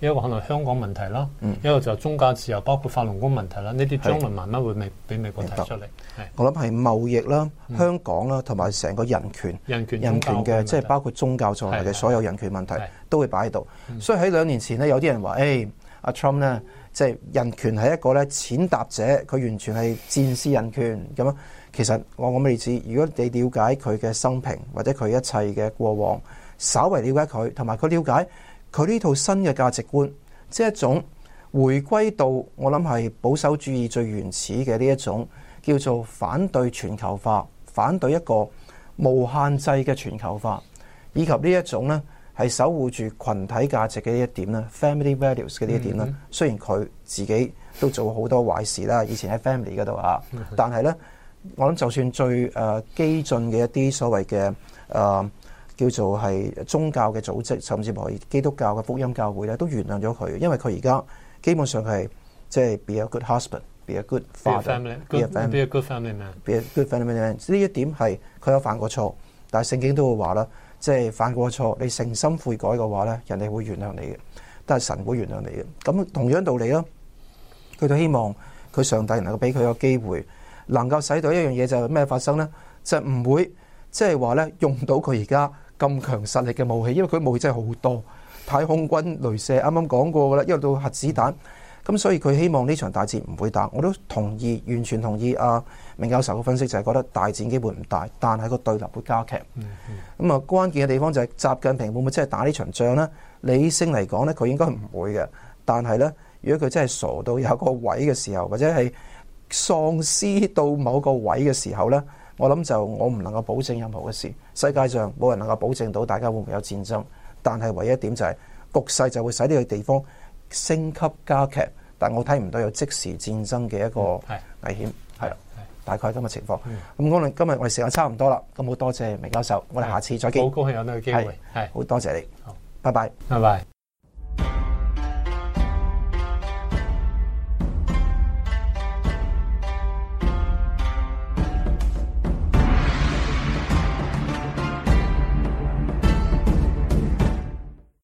一個可能香港問題啦，嗯、一個就宗教自由，包括法輪功問題啦，呢啲中文慢慢會未俾美國睇出嚟。是我諗係貿易啦、嗯、香港啦，同埋成個人權、人權嘅，是即係包括宗教在內嘅所有人權問題都會擺喺度。所以喺兩年前呢，有啲人話，誒阿 Trump 呢，即、就、係、是、人權係一個咧踐踏者，佢完全係戰士人權。咁啊，其實我咁嘅例子，如果你瞭解佢嘅生平或者佢一切嘅過往，稍為瞭解佢，同埋佢瞭解。佢呢套新嘅價值觀，即係一種回歸到我諗係保守主義最原始嘅呢一種，叫做反對全球化、反對一個無限制嘅全球化，以及呢一種呢係守護住群體價值嘅呢一點咧，family values 嘅呢一點咧。Mm hmm. 雖然佢自己都做好多壞事啦，以前喺 family 嗰度啊，但係呢，我諗就算最誒激、呃、進嘅一啲所謂嘅誒。呃叫做係宗教嘅組織，甚至乎係基督教嘅福音教會咧，都原諒咗佢，因為佢而家基本上係即係 be a good husband，be a good father，be a, be a good family man，good 呢一點係佢有犯過錯，但係聖經都會話啦，即係犯過錯，你誠心悔改嘅話咧，人哋會原諒你嘅，但係神會原諒你嘅。咁同樣道理咯，佢都希望佢上帝能夠俾佢個機會，能夠使到一樣嘢就係咩發生咧？就唔會即係話咧用到佢而家。咁強實力嘅武器，因為佢武器真係好多，太空軍雷射，啱啱講過噶啦。因為到核子彈，咁所以佢希望呢場大戰唔會打。我都同意，完全同意阿、啊、明教授嘅分析就係覺得大戰機會唔大，但係個對立會加劇。咁啊、嗯，嗯、關鍵嘅地方就係習近平會唔會真係打呢場仗呢？理性嚟講呢，佢應該唔會嘅。但係呢，如果佢真係傻到有個位嘅時候，或者係喪屍到某個位嘅時候呢。我諗就我唔能夠保證任何嘅事，世界上冇人能夠保證到大家會唔會有戰爭。但係唯一一點就係，局勢就會使呢個地方升級加劇。但我睇唔到有即時戰爭嘅一個危險，係啦、嗯，大概咁嘅情況。咁可能今日我哋時間差唔多啦，咁好多謝明教授，我哋下次再見。好，高興有呢個機會，係好多謝你，是拜拜。好，拜拜，拜拜。